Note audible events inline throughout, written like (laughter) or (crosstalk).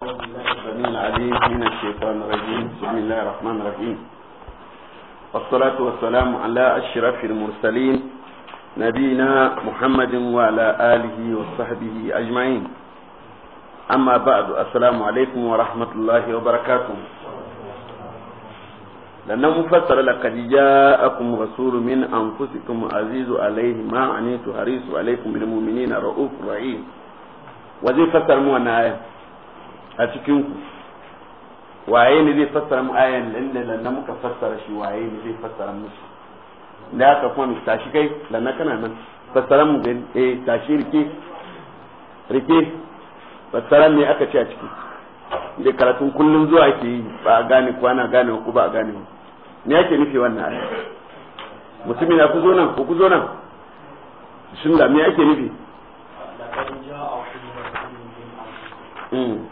بسم الله الرحمن الرحيم والصلاة والسلام على أشرف المرسلين نبينا محمد وعلى آله وصحبه أجمعين أما بعد السلام عليكم ورحمة الله وبركاته لأنه مفسر لقد جاءكم رسول من أنفسكم عزيز عليه ما عنيت حريص عليكم بالمؤمنين رؤوف رحيم وزي فسر مو a cikin ku waye ne zai fassara mu ayan lalle lanna muka fassara shi waye ne zai fassara musu da aka kuma mu tashi kai lanna kana nan fassara mu bin eh tashi rike rike fassara me aka ce a ciki da karatun kullum zuwa ake yi ba a gane ko ana gane ko ba a gane me yake nufi wannan ayan mutumin na ku zo nan ku zo nan shin da me yake nufi Mm.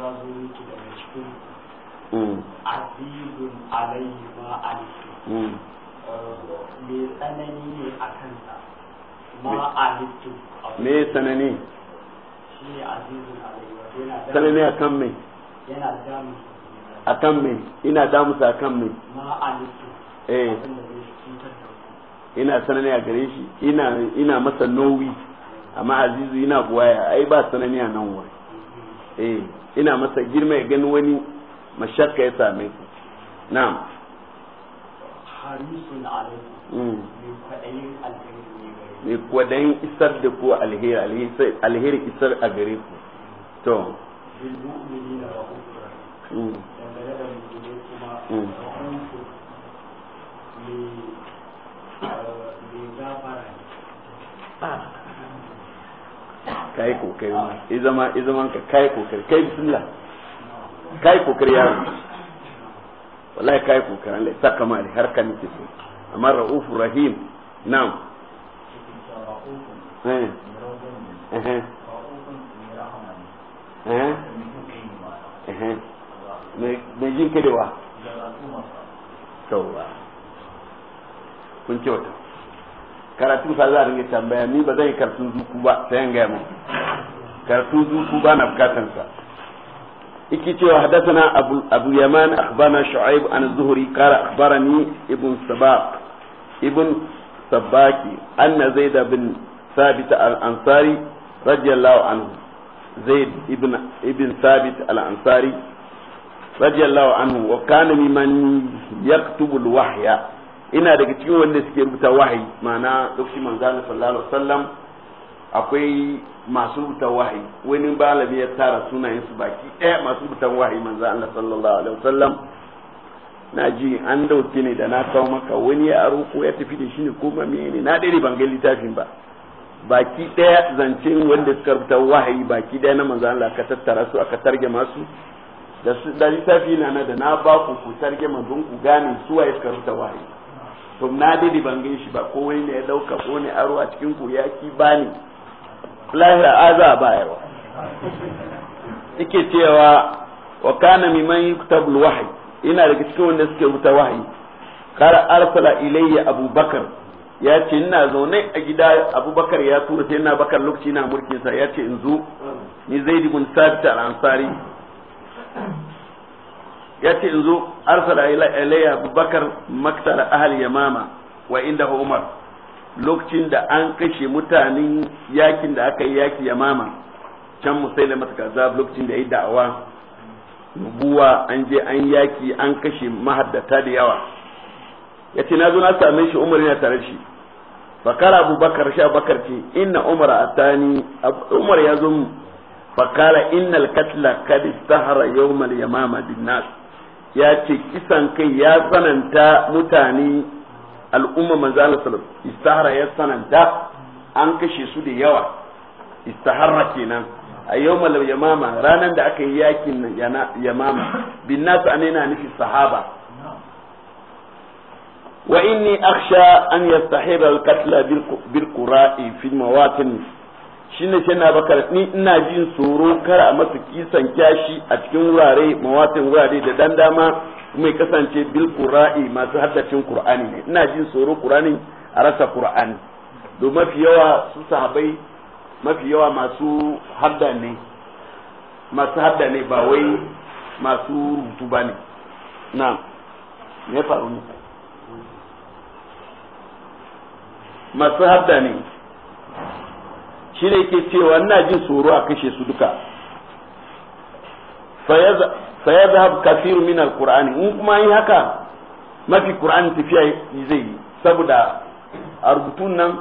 ya zo yake daga cikin mm. azizun alayhi ma alifu mm. me tsanani ne a kansa ma alifu me tsanani shi ne azizun alayhi wa tsanani a kan me yana damu a kan me ina damusa a kan me ma alifu eh ina sanani a gare shi ina ina masa nowi amma azizu ina buwaya ai ba sanani a nan wuri mm-hmm. eh ina masa girma ya gani wani mashakka ya same ku na'am harisun alaikum mm. mai kwadayin isar da ku alheri alheri isar a gare ku to mm. mm. eh, Ah. kai kokari izama izaman ka kai kokari kai bismillah kai kokari ya wallahi kai kokari Allah ya saka mali har kan ki so amma raufur rahim na'am eh eh eh eh me jin kedewa kun ce wata karatu fa za a ringa tambaya ni ba zan yi karatun zuku ba sai an gaya mu karatun zuku ba na bukatan sa yake cewa hadathana abu abu yaman shu'aib an zuhri akhbarani ibn sabaq ibn sabaki anna zaid bin ina daga cikin wanda suke rubuta wahayi ma'ana lokacin manzana sallallahu alaihi wasallam akwai masu rubuta wahayi wani malami ya tara sunayen su baki ɗaya masu rubuta wahayi manzo Allah sallallahu alaihi wasallam na ji an dauke ne da na kawo maka wani ya aro ko ya tafi da shi ne ko ma ne na dare ban ga littafin ba baki ɗaya zancen wanda suka rubuta wahayi baki ɗaya na manzo Allah ka tattara su aka targe masu da littafi na da na ba ku ku targe don ku gane su waye suka rubuta wahayi to na dade ban gan shi ba ko wani ne ya dauka ko ne aro a cikin ku ya ki bani lahira aza ba yake cewa wa kana mimman yuktabul wahyi ina daga cikin wanda suke rubuta wahayi kar arsala ilayya abubakar ya ce ina zaune a gida abubakar ya tura sai ina bakar lokaci na mulkinsa ya ce in zo ni zaid bin sabit al-ansari ya ce in zo arsala ilayya abubakar maktala ahal yamama wa inda umar lokacin da an kashe mutanen yakin da aka yi yaki yamama can musaila mata kaza lokacin da ya da'awa nubuwa an je an yaki an kashe mahaddata da yawa ya ce na zo na same shi umar yana tare shi fakara abubakar shi abubakar ce inna umar atani umar ya zo fakara innal katla kadi tahara yawmal yamama bin nas ya ce kisan kai ya tsananta mutane al'umma manzo Allah sallallahu alaihi istahara ya tsananta an kashe su da yawa istahara kenan a yau malam yamama ranar da aka yi yakin yamama bin nasu anena nufi sahaba wa inni akhsha an yastahiba al-qatla bil qura'i fi mawatin ne ke na bakar ni ina jin tsoro kar a masa kisan kyashi a cikin wurare mawatin wurare da dan dama mai kasance bil qura'i masu haddacin qur'ani ne ina jin tsoro qur'ani a rasa qur'ani domin mafi yawa su sahabai mafi yawa masu hadda ne masu hadda ne ba wai masu rubutu ba ne na me faru ne masu hadda ne shi ne yake cewa ina jin tsoro a kashe su duka fa ya zahab kafiru min alquran in kuma yi haka mafi qur'an tafiya zai yi saboda a rubutun nan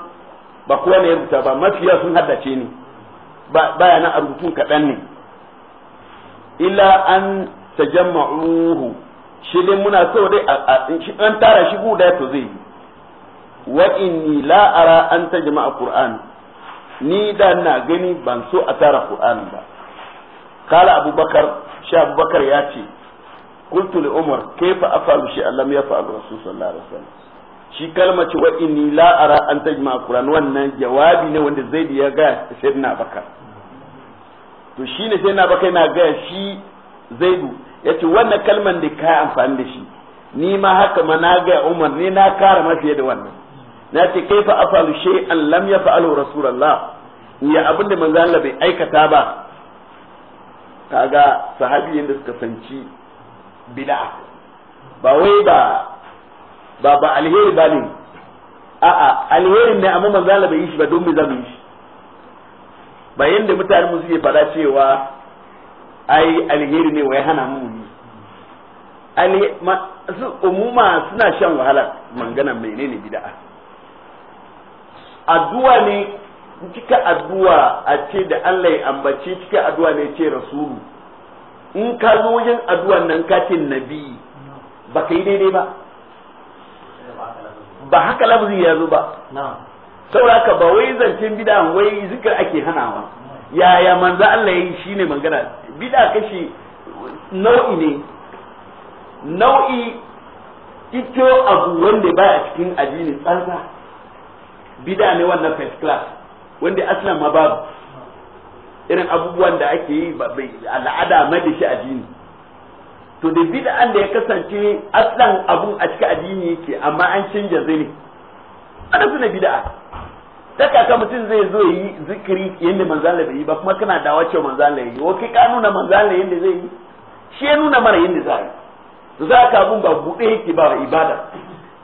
ba kowa ne ya rubuta ba mafiya sun haddace ni baya a rubutun kaɗan ne illa an tajamma'uhu shi dai muna so dai an tara shi guda to zai yi wa inni la ara an tajma'a qur'an ni da na gani ban so a tara Qur'ani ba kala abubakar shi abubakar ya ce kultu li umar kaifa afalu shi allam ya fa'al rasul sallallahu alaihi wasallam shi kalma ce wa inni la ara an tajma Qur'an wannan jawabi ne wanda zaidi ya ga sayyidina Bakar to shi ne sayyidina Bakar na ga shi Zaidu yace wannan kalman da ka amfani da shi ni ma haka ma na ga Umar ni na kara mafiye da wannan na ce kai fa afalu shay'an lam yaf'alu rasulullah ya abinda manzo Allah bai aikata ba kaga sahabi yanda suka sanci bid'a ba wai ba ba ba alheri ba ne a'a alheri ne amma manzo Allah bai yi shi ba don me zamu yi shi ba yanda mutane mu suke fada cewa ai alheri ne wai hana mu su umuma suna shan wahala mangana menene bid'a addu'a ne cika addu'a a ce da Allah ya ambace cika addu'a ne ce rasulu in ka zo wajen addu'an nan ka ce nabi ba kai yi daidai ba ba haka lafzi ya zo ba sauraka ba wai zancen bida wai zikir ake hanawa yaya manzo Allah ya yi shine magana bida kashi nau'i ne nau'i ito abu wanda ba a cikin addini tsantsa bida ne wannan first class wanda aslan ma babu irin abubuwan da ake yi al'ada mai da shi addini to da bid'an da ya kasance aslan abun a cikin addini yake amma an canja zane ana suna bid'a daga kaka mutum zai zo yi zikiri yadda manzala bai yi ba kuma kana dawa cewa manzala yi wa kai ka nuna manzala yadda zai yi shi ya nuna mara yadda za yi to za ka abun ba buɗe yake ba ibada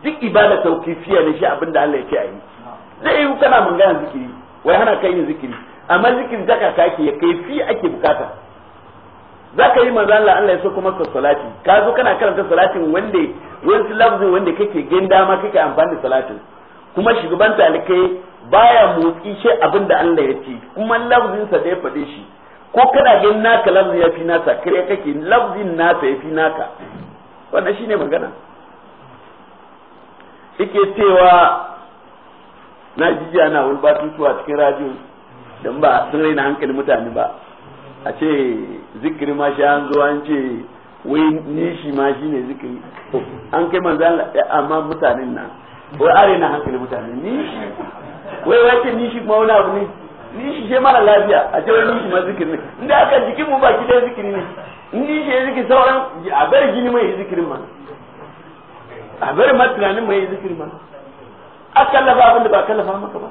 duk ibada fiye ne shi abin da Allah ya ce a yi sai yi kana mangana zikiri wai hana kai yin zikiri amma zikiri zaka kake ya kai fi ake bukata zaka yi manzo Allah Allah ya so kuma salati ka zo kana karanta salatin wanda wani lafzin wanda kake gan dama kake amfani da salatin kuma shugaban talikai baya motsi shi abinda Allah ya ce kuma lafzin da ya fade shi ko kana gin naka lafzin ya fi nasa kare kake lafzin nasa ya fi naka wannan shine magana yake cewa na jijiya na wani batutuwa cikin radio don ba sun raina hankali mutane ba a ce zikiri ma shi an zo an ce wai nishi ma shi ne zikiri an kai manzan eh, amma mutanen nan wai a na hankali mutane nishi wai wai ce nishi kuma wani abu ne nishi shi mara lafiya a ce wai nishi ma zikiri ne inda aka jikin mu baki ɗaya zikiri ne nishi ya zikiri sauran a bar gini mai zikirin ma a bar matunanin mai zikirin ma a kallafa abin da ba kallafa maka ba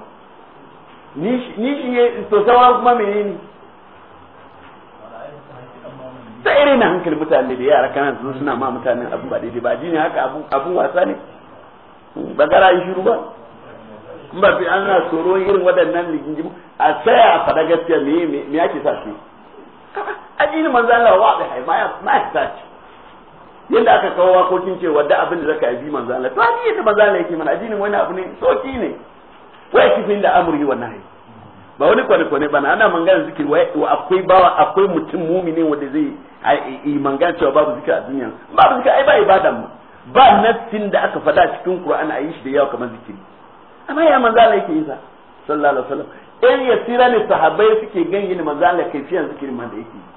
ni shi ne to sauran kuma menene ta irin na hankali mutane da yara kana su suna ma mutanen abu ba daidai ba ji ne haka abun wasa ne ba gara yi shiru ba in ba fi ana tsoro irin waɗannan rigingimu a tsaya a faɗa gaskiya me me ake sa su addinin manzo Allah wa da hai ma ya sa shi yadda aka kawo wakokin cewa da abin da zaka yi manzo Allah to ni yadda manzo Allah yake mana addinin wani abu ne soki ne wai kifin da amuri wannan hai ba wani kwani kwane bana ana mangana zikiri wa akwai bawa akwai mutum mumini wanda zai yi mangana cewa babu zikiri a duniya babu zikiri ai ba ibada mu ba nafsin da aka faɗa cikin Qur'ani a yi shi da yawa kamar zikiri amma ya manzo Allah yake yi sa sallallahu alaihi wasallam in yasira ne sahabbai suke ganin manzo Allah kaifiyan zikirin ma da yake yi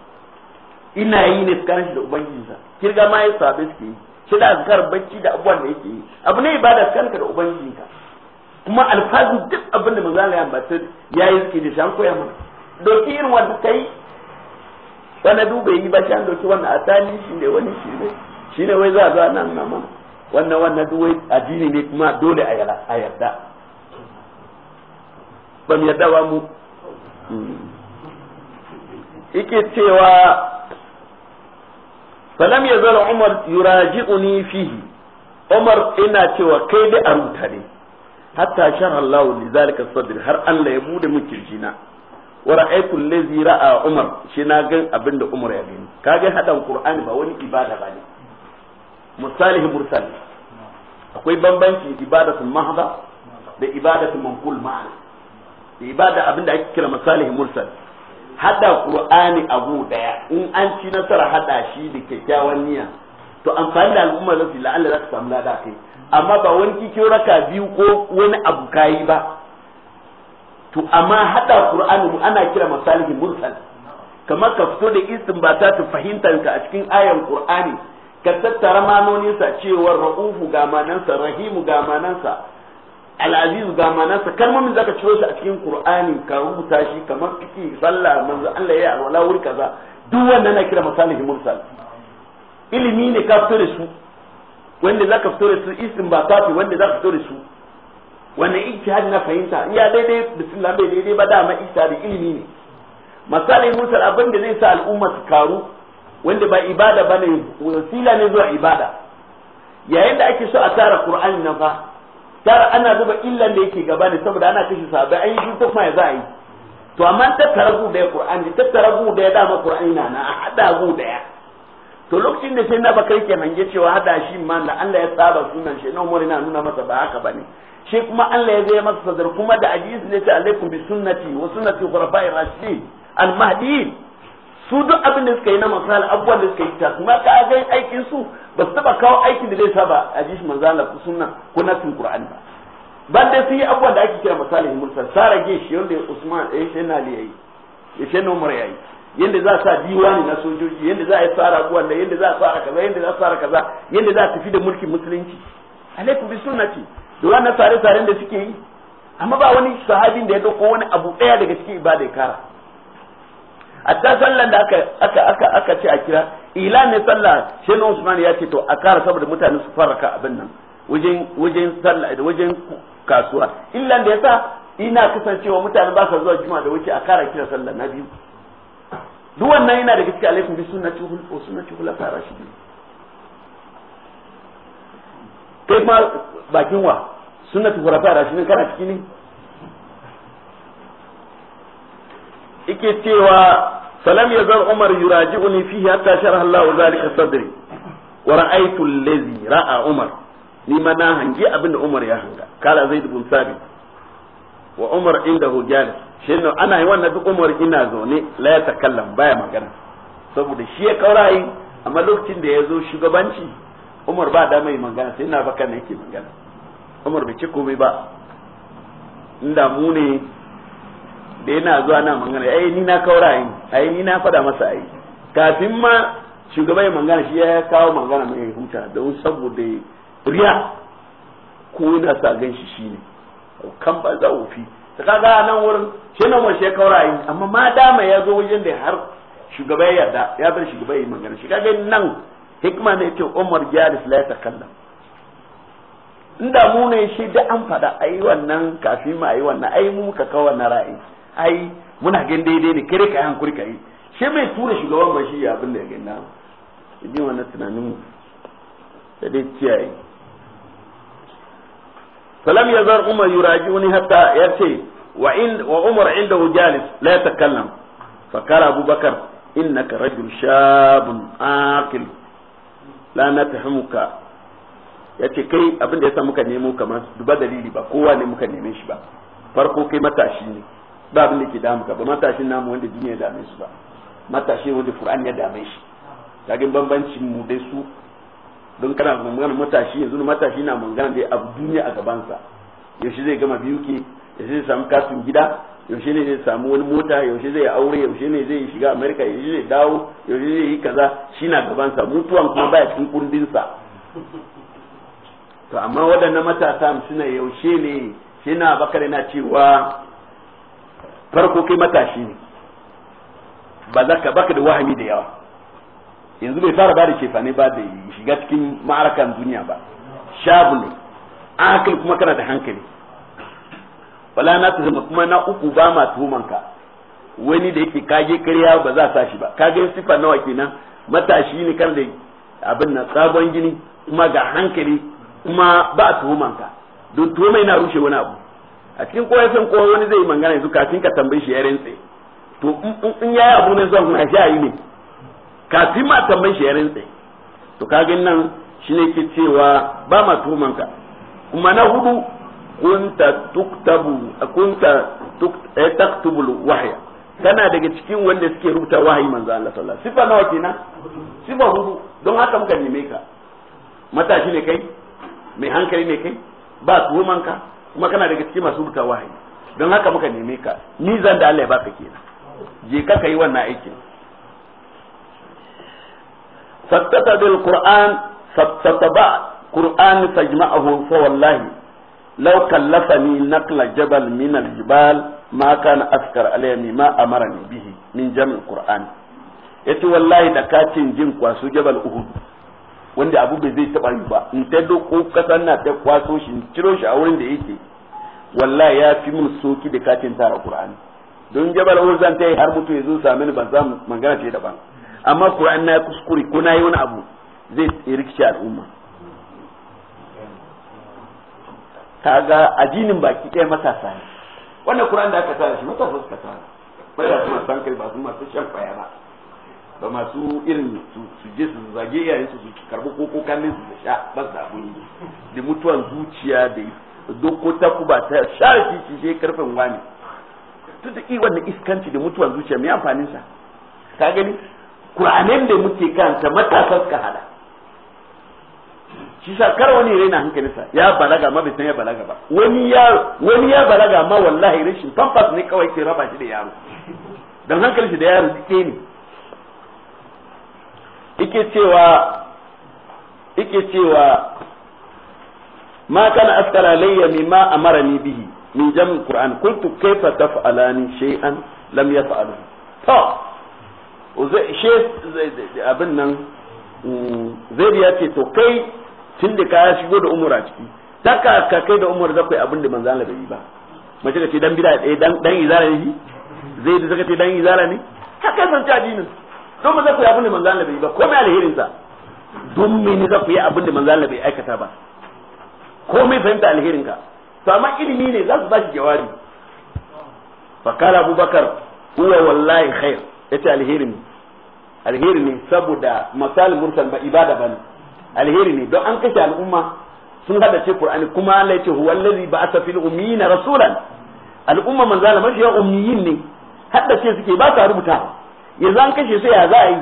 ina yi ne tsakanin shi da ubangijinsa kirga ma ya sabe suke yi shi da azkar bacci da abubuwan da yake yi abu ne ibada tsakanin da ubangijinka kuma alfazin duk abin da mazala ya ambata ya yi suke da shan koya mana doki irin wanda kai wanda duba yi ba shan doki wannan asali shi ne wani shi ne shi ne wai za a zo nan nan mana wannan wannan duk wai addini ne kuma dole a yarda ba mu yarda ba mu hmm. yake cewa falam ya zara umar uni fihi umar ina cewa kai da a ruta ne hatta shan allahu li zalika sadr har Allah ya bude min kirjina wa ra'aytu allazi ra'a umar shi na gan abinda umar ya gani kage hadan qur'ani ba wani ibada ba ne musalih mursal akwai bambanci ibadatu mahda da ibadatu manqul ma'ana da ibada abinda ake kira musalih mursal hada qur'ani abu daya in an ci nasara hada shi da kyakkyawan niyya to amfani da al'umma za su la'alla za su samu lada kai amma ba wani kikin raka biyu ko wani abu kayi ba to amma hada qur'ani mu ana kira masalihi mursal kamar ka fito da ba ta fahimta ka a cikin ayan qur'ani ka tattara manoninsa cewa ra'ufu ga manansa rahimu ga manansa al'azizu ga manasa kalmomin zaka ciro shi a cikin qur'ani ka rubuta shi kamar kiki sallah manzo Allah ya alwala wuri kaza duk wannan na kira masalihi mursal ilimi ne ka fito da su wanda zaka fito da su kafi wanda zaka fito da su wannan ijtihad na fahimta iya daidai bismillah bai daidai ba dama ijtihad ilimi ne masalihi mursal abin da zai sa al'umma su karu wanda ba ibada bane wasila ne zuwa ibada yayin da ake so a tara qur'ani na fa. tara ana zuba illan da yake gaba ne saboda ana kashe sahabbai an yi duk kuma ya za a yi to amma tattara gu da qur'ani tattara gu da ya dama qur'ani na na hada gu da to lokacin da sai na kai ke hange cewa hada shi ma da Allah ya tsara sunan shi na umar na nuna masa ba haka bane shi kuma Allah ya zai masa sadar kuma da hadisi ne ta alaikum bi sunnati wa sunnati khulafa'ir rashidin al-mahdi su duk abin da suka yi na masal abubuwan da suka yi ta kuma ka ga aikin su ba su taba kawo aikin da zai saba a jishi shi manzo Allah ko sunna ko nasin Qur'ani ba ban dai sun yi abubuwan da ake kira misali mursal sara ge shi yanda Usman eh shi na li yayi ya shi na Umar yayi yanda za a sa diwani na sojoji yanda za a yi tsara abubuwan da yanda za a tsara kaza yanda za a tsara kaza yanda za a tafi da mulkin musulunci alaikum bi sunnati da wannan tsare-tsaren da suke yi amma ba wani sahabin da ya dauko wani abu daya daga cikin ibada ya kara hatta sallan da aka aka aka aka ce a kira ila ne sallah shin usman ya ce to a kara saboda mutane su farraka abin nan wajen wajen sallah wajen kasuwa illa da yasa ina kasancewa mutane ba sa zuwa juma'a da wuce a kara kira sallah na biyu duk wannan yana da gaskiya alaikum bi sunnati wa sunnati khulafa rashidin kai ma bakin wa sunnati khulafa rashidin kana ciki ne yake cewa salam ya zar umar yuraji'uni fi hatta sharaha Allahu zalika sadri wa ra'aytu allazi ra'a umar ni ma na hangi abin da umar ya hanga kala zaid bin sabit wa umar inda hujjani shi ne ana yi wannan duk umar ina zaune la ya takallam baya magana saboda shi ya kaurayi amma lokacin da ya zo shugabanci umar ba da mai magana sai na baka ne yake magana umar bai ci komai ba inda mu ne da yana zuwa nan mangana ai ni na kawo ra'ayi ai ni na faɗa masa ai kafin ma shugaba ya mangana shi ya kawo mangana mai huta don saboda riya ko yana sa gan shi shine kan ba za fi. ta kaga nan wurin shi na mun shi kawo ra'ayi amma ma dama ya zo wajen da har shugaba ya yarda ya bar shugaba ya mangana shi kaga nan hikma ne ce Umar Jalis la Kalla. inda mu ne shi da an faɗa ai wannan kafin ma ai wannan ai mu muka kawo na ra'ayi ai muna gan daidai ne kare ka hankuri ka yi shi mai tura shugaban ba shi ya abin da ya gina idan wannan tunanin mu da dai ciyayi falam ya zar umar wani hatta ya ce wa umar inda hujjalis la ya fa fakar abubakar innaka rajul shabun akil la ya yace kai abin da yasa muka nemo kamar duba dalili ba kowa ne muka neme shi ba farko kai matashi ne ba abin da ke damu ka ba matashi namu wanda duniya ya dame su ba matashi wanda qur'ani ya dame shi kagin bambancin mu dai su don kana magana matashi yanzu matashi na magana dai abu duniya a sa yaushe zai gama biyu ke yaushe zai samu kasin gida yaushe ne zai samu wani mota yaushe zai aure yaushe ne zai shiga amerika yaushe zai dawo yaushe zai yi kaza shi na gaban sa mutuwan kuma baya cikin sa to amma waɗannan matasa suna yaushe ne shi na bakare na cewa farko kai matashi ne ba za ka baka da wahami da yawa yanzu bai fara bada ne ba da shiga cikin ma'arakan duniya ba shabu ne an kuma kana da hankali wala na zama kuma na uku ba ma ka wani da yake kage karya ba za a sa shi ba kage sifa nawa kenan matashi ne kan da abin na sabon gini kuma ga hankali kuma ba tuhuman ka don tuhuma yana rushe wani abu a cikin koyar san kowa wani zai magana yanzu kafin ka tambaye shi ya rantse to in yayi abu ne zan na a yi ne kafin ma tambaye shi ya rantse to kaga nan shine ke cewa ba ma ka kuma na hudu kunta tuktabu kunta eh, taktubu wahya kana daga cikin wanda suke rubuta wahayi manzo Allah sallallahu alaihi wasallam sifa nawa kenan sifa hudu don haka muka neme ka matashi ne kai mai hankali ne kai ba tuhumanka kuma kana daga cikin masu rubuta wahayi don haka muka neme ka mizan da Allah ya baka kenan je ka kai wannan aikin fattata bil qur'an fattaba qur'an tajma'ahu fa wallahi law kallafani naqla jabal min al jibal ma kana askar alayya mimma amarani bihi min jam'i qur'an yace wallahi da katin jin kwasu jabal uhud wanda abu bai zai taba yi ba in ta doko kasan na ta kwaso shi ciro shi a wurin da yake wallahi ya fi mun soki da katin tara qur'ani don jabal urzan ta yi har mutu ya zo same ni ban samu magana ce daban amma qur'an na kuskure ko na yi wani abu zai rikice al'umma kaga addinin baki ɗaya matasa ne wannan qur'an da aka tsara shi matasa suka tsara ba da su san kai ba su masu shan kwaya ba ba masu irin su je su zage yayin su su karbi koko kallin su sha ba su da abun yi da mutuwan zuciya da doko ta ba ta share shi shi karfin wani duk da iwan da iskanci da mutuwan zuciya mai amfanin sa ka gani kuranen da muke kansa matasa suka hada shi sa kar wani hankali hankalinsa ya balaga ma bai san ya balaga ba wani ya wani ya balaga ma wallahi rashin pampas ne kawai ke raba shi da yaro dan hankalin shi da yaro ɗaya ne ike cewa ike cewa ma kana askara layya mimma amarani bihi min jam qur'an kuntu kaifa taf'alani shay'an lam yaf'alu to she abin nan mm, zai ya ce to kai tun da ka shigo da umura ciki daka ka kai da umar zakai abin da manzo Allah bai yi ba mace ka ce dan bida eh, dan dan izara ne zai da ce dan izara ne haka san ta dinin don ba za ku yi abin da manzo Allah bai ba komai alherin sa don me ne za ku yi abin da manzo Allah bai aikata ba komai fahimta alherin ka to amma ilimi ne za su ba shi jawabi fa kala Abubakar huwa wallahi khair yace alherin alheri ne saboda masal mursal ba ibada ba ne alheri ne don an kashe al'umma sun hada ce qur'ani kuma Allah yace huwa allazi ba'atha fil ummiyina rasulan al'umma manzo Allah mashi ummiyin ne hadda ce suke ba ta rubuta yanzu an kashe su ya za a yi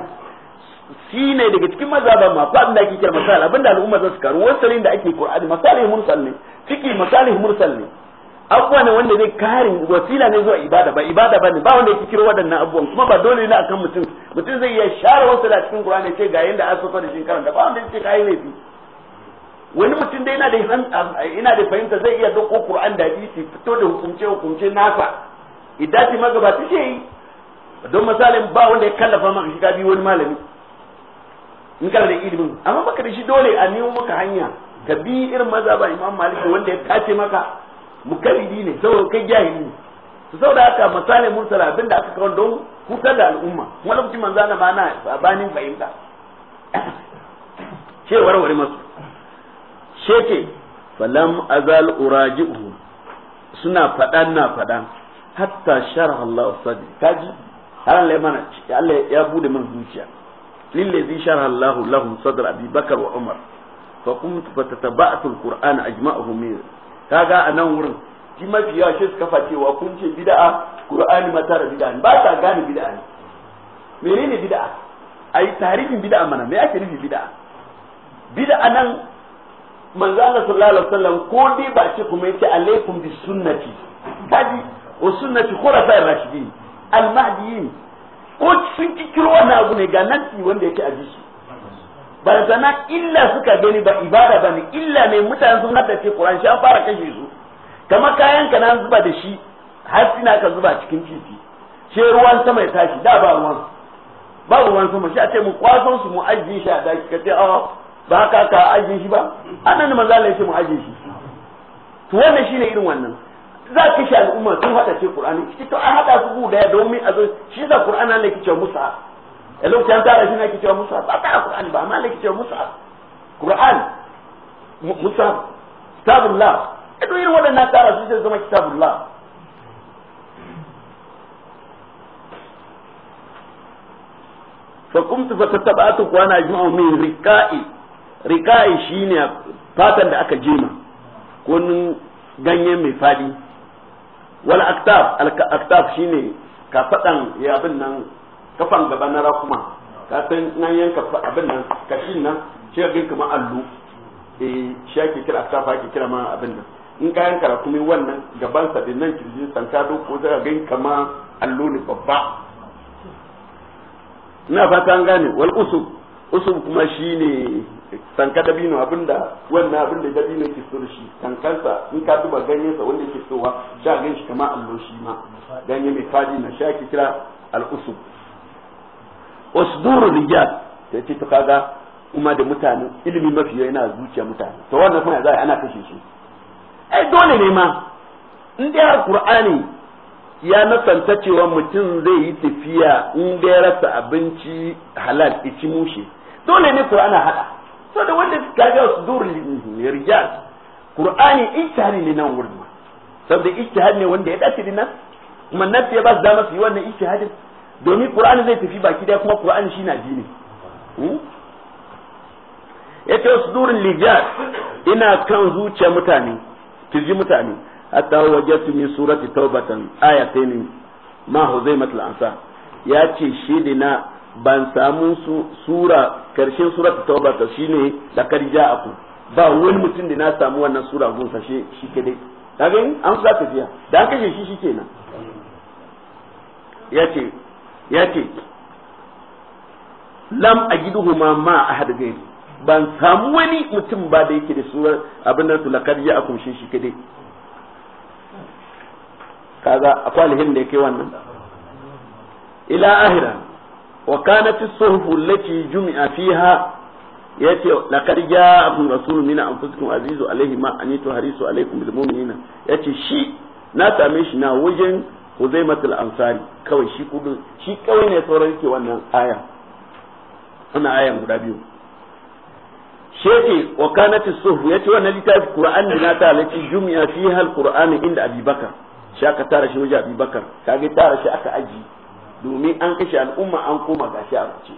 shi ne daga cikin mazhaban ma ko abinda ake kira misal abinda al'umma za su karu wasarin da ake qur'ani misalih mursal ne fiki misalih mursal ne abubuwa ne wanda zai kare wasila ne zuwa ibada ba ibada ba ne ba wanda yake kiro waɗannan abubuwan kuma ba dole ne akan mutum mutum zai iya share wasu da cikin qur'ani ce ga yanda an sofa da shi karanta ba wanda yake kai laifi wani mutum dai yana da yana da fahimta zai iya dauko kur'an da hadisi fito da hukunce hukunce nasa idati magabata shi don misalin ba wanda ya kallafa ma shi ka bi wani malami in kana da ilimin amma baka da shi dole a nemo maka hanya ka bi irin maza ba imam malik wanda ya kace maka mukallidi ne saboda kai jahili ne su saboda haka misalin mursala abin da aka kawo don hutar da al'umma wani lokacin manzo na ba na banin fahimta ce (coughs) warware masu sheke falam azal uraji'u suna faɗan na faɗan hatta sharha Allah sadri kaji har Allah ya mana Allah ya bude min zuciya lillazi sharaha Allahu lahum sadra Abi Bakar wa Umar fa kuntu fatatabatu al-Qur'ana ajma'ahu min kaga anan wurin ki mafi yawa shi suka fa cewa kun ce bid'a Qur'ani ma tara bid'a ba ta gane bid'a ne menene bid'a ai tarihin bid'a mana me ake nufi bid'a bid'a nan manzo Allah sallallahu alaihi wasallam ko dai ba ce kuma yace alaikum bi sunnati kaji wa sunnati khulafa'ir rashidin almahdiyin ko sun kikiro wannan abu ne ga nasi wanda yake a jishi ba sana illa suka gani ba ibada ba ne illa ne mutane sun hada ce Qur'an shi an fara kashe su kamar kayan ka na zuba da shi har sina ka zuba cikin titi she ruwan sama ya tashi da ba ruwan ba ruwan sama shi a ce mu kwaso su mu ajiye shi a daki ka ce a ba haka ka ajiye shi ba annabi manzo Allah ya ce mu ajiye shi to wannan shine irin wannan za ka kashe al'umma sun hada ce qur'ani shi to an hada su guda domin a zo shi da qur'ani Allah yake cewa musa a lokacin tara shi ne yake cewa musa ba ta qur'ani ba amma Allah yake cewa musa qur'an musa kitabullah ido e, irin waɗannan tara su zai zama kitabullah فقمت فتتبعت وانا اجمع من ركائي ركائي shine fatan da aka jema ko ganye mai fadi wal aktaf al shine ka fadan ya abin nan kafan gaba na rakuma ka san nan yanka abin nan shin nan shi ga kuma allu eh shi ake kira aktaf ake kira ma abin nan in ka yanka rakumi wannan gaban sa din nan kirjin san ka doko zaka ga kama allu ne babba ina fata an gane wal usub usub kuma shine sanka dabino abinda wannan abinda da dabino ke so da shi tankansa in ka duba ganyensa wanda yake sowa sha gan shi kamar allo shi ma ganye mai fadi na sha ki kira al-usub usduru rijal ta ce ta kaga kuma da mutane ilimi mafi yana zuciya mutane to wannan kuma za a ana kashe shi ai dole ne ma in dai har qur'ani ya nasanta cewa mutum zai yi tafiya in dai rasa abinci halal ci mushe dole ne qur'ana hada saboda wanda ta ga su dur rijal qur'ani ijtihadi ne nan wurin saboda ijtihadi ne wanda ya dace nan kuma nan ya ba su dama su yi wannan ijtihadin domin qur'ani zai tafi baki daya kuma qur'ani shi na dini yace sudurin rijal ina kan zuciya mutane kirji mutane hatta wajatu min surati taubatan ayatayn ma zai al-ansar yace shi dina ban samu sura karshen sura ta tauba ta shine a ja'aku ba wani mutum da na samu wannan sura gun sashe shi ke dai yin an ta tafiya da aka shi shi nan yace yace lam gidu ma ahad gairi ban samu wani mutum ba da yake da sura abin nan tulakar a kun shi dai kaga akwai alhin da kai wannan ila ahira wa kanat as-suhuf allati jumi'a fiha yace laqad ja'akum rasulun min anfusikum azizu alayhi ma anitu harisu alaykum bil mu'minina yace shi na same shi na wajen Huzaimatul Ansari kawai shi kudu shi kawai ne sauran ke wannan aya wannan aya guda biyu sheke wa kanat as-suhuf yace wannan littafi Qur'an na ta lati jumi'a fiha al inda Abi Bakar shi aka tara shi wajen Abi Bakar kage tara shi aka aji domin an kashe al'umma an koma gashi a rubuce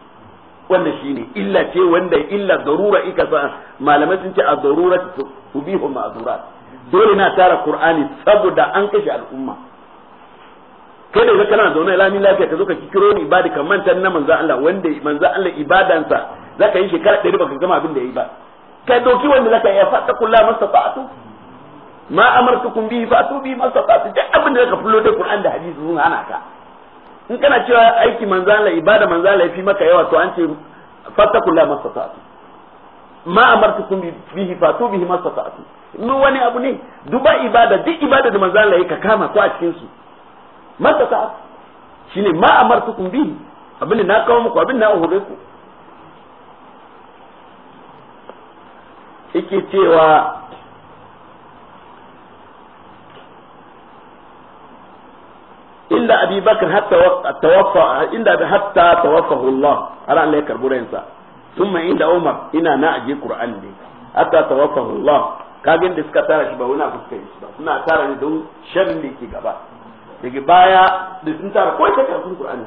wannan shine illa ce wanda illa darura ika sa malamai sun ce a darura tubihu ma'zurat dole na tara qur'ani saboda an kashe al'umma kai da kana zaune lamin lafiya ka zo ka kiro ni ibada ka manta na manzo Allah wanda manzo Allah ibadansa zaka yi shekara 100 baka gama abin da yayi ba kai doki wanda zaka yi fa kullu mastafa'atu ma amartukum bihi fa atu bihi mastafa'atu duk abin da zaka fullo da qur'ani da hadisi sun hana ka in kana cewa aiki manzala ibada manzala ya fi maka yawa to an ce la masata'atu ma amartukum bihi fatu bihi masata'atu in wani abu ne duba ibada duk ibada da manzala ya yake kama ko a cikin su masata'atu shine ma amartukum bihi abin na kawo muku abin na uhure ku yake cewa inda abi bakar inda hatta tawaffahu Allah har Allah ya karbu ransa thumma inda Umar ina na aje Qur'an ne hatta tawaffahu Allah kagin da suka tara shi ba wani abu kai ba suna tara ne don shan ne ke gaba daga baya da sun tara ko ta karfin Qur'an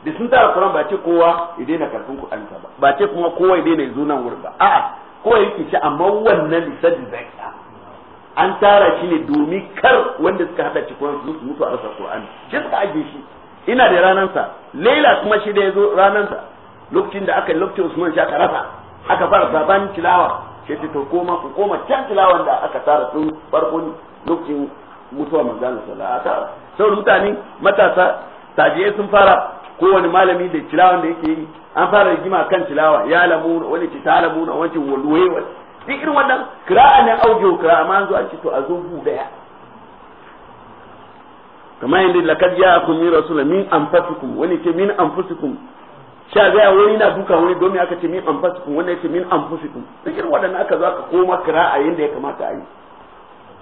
da sun tara Qur'an ba ce kowa ya daina karfin Qur'an ba ba ce kuma kowa ya daina zo nan wurin ba a'a kowa yake ce amma wannan da zai an tara shi ne domin kar wanda suka hada ci Qur'an su mutu a rasa Qur'ani shi suka aje shi ina da sa Laila kuma shi da yazo sa lokacin da aka lokacin Usman shi aka rasa aka fara saban tilawa sai ta koma ku koma can tilawan da aka tara tun farko lokacin mutuwa manzon sallallahu alaihi wasallam mutane matasa tajiye sun fara kowane malami da tilawan da yake yi an fara rigima kan tilawa ya lamu wani ci ta na wani ci walwaye duk irin wannan kira'a na audio kira'a ma zo an ce to a zo bu daya kamar yadda lakad ya akun min rasulun min anfusikum wani ce min anfusikum sha zai wani na duka wani domin aka ce min anfusikum wani ce min anfusikum duk irin wannan aka zo aka koma kira'a yadda ya kamata a yi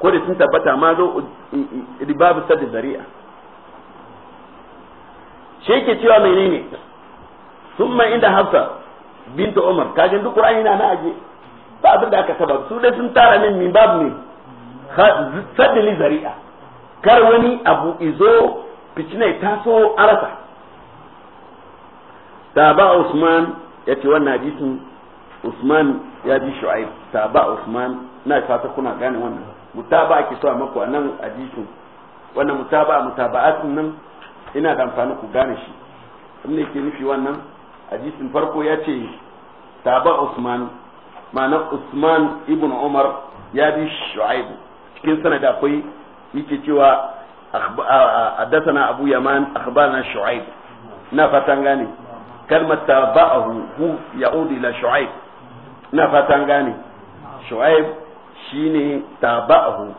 ko da sun tabbata ma zo ribabu sadda zari'a shi yake cewa menene summa inda hafsa binta umar kajin duk qur'ani na na aje ba abin da aka saba su dai sun tara min min babu ne sadali zari'a kar wani abu izo fitina ya taso arasa taba usman ya ce wannan hadisin usman ya ji shu'aib taba usman na fata kuna gane wannan mutaba ake so a mako a nan hadisin wannan mutaba mutaba'atun nan ina da amfani ku gane shi abin da yake nufi wannan hadisin farko ya ce taba usman ma'ana Usman ibn Umar ya bi Shu'aib cikin sanad akwai yake cewa haddathana Abu Yaman akhbarana Shu'aib na fatan gane kalmar tabahu hu ya'udu ila Shu'aib na fatan gane Shu'aib shine tabahu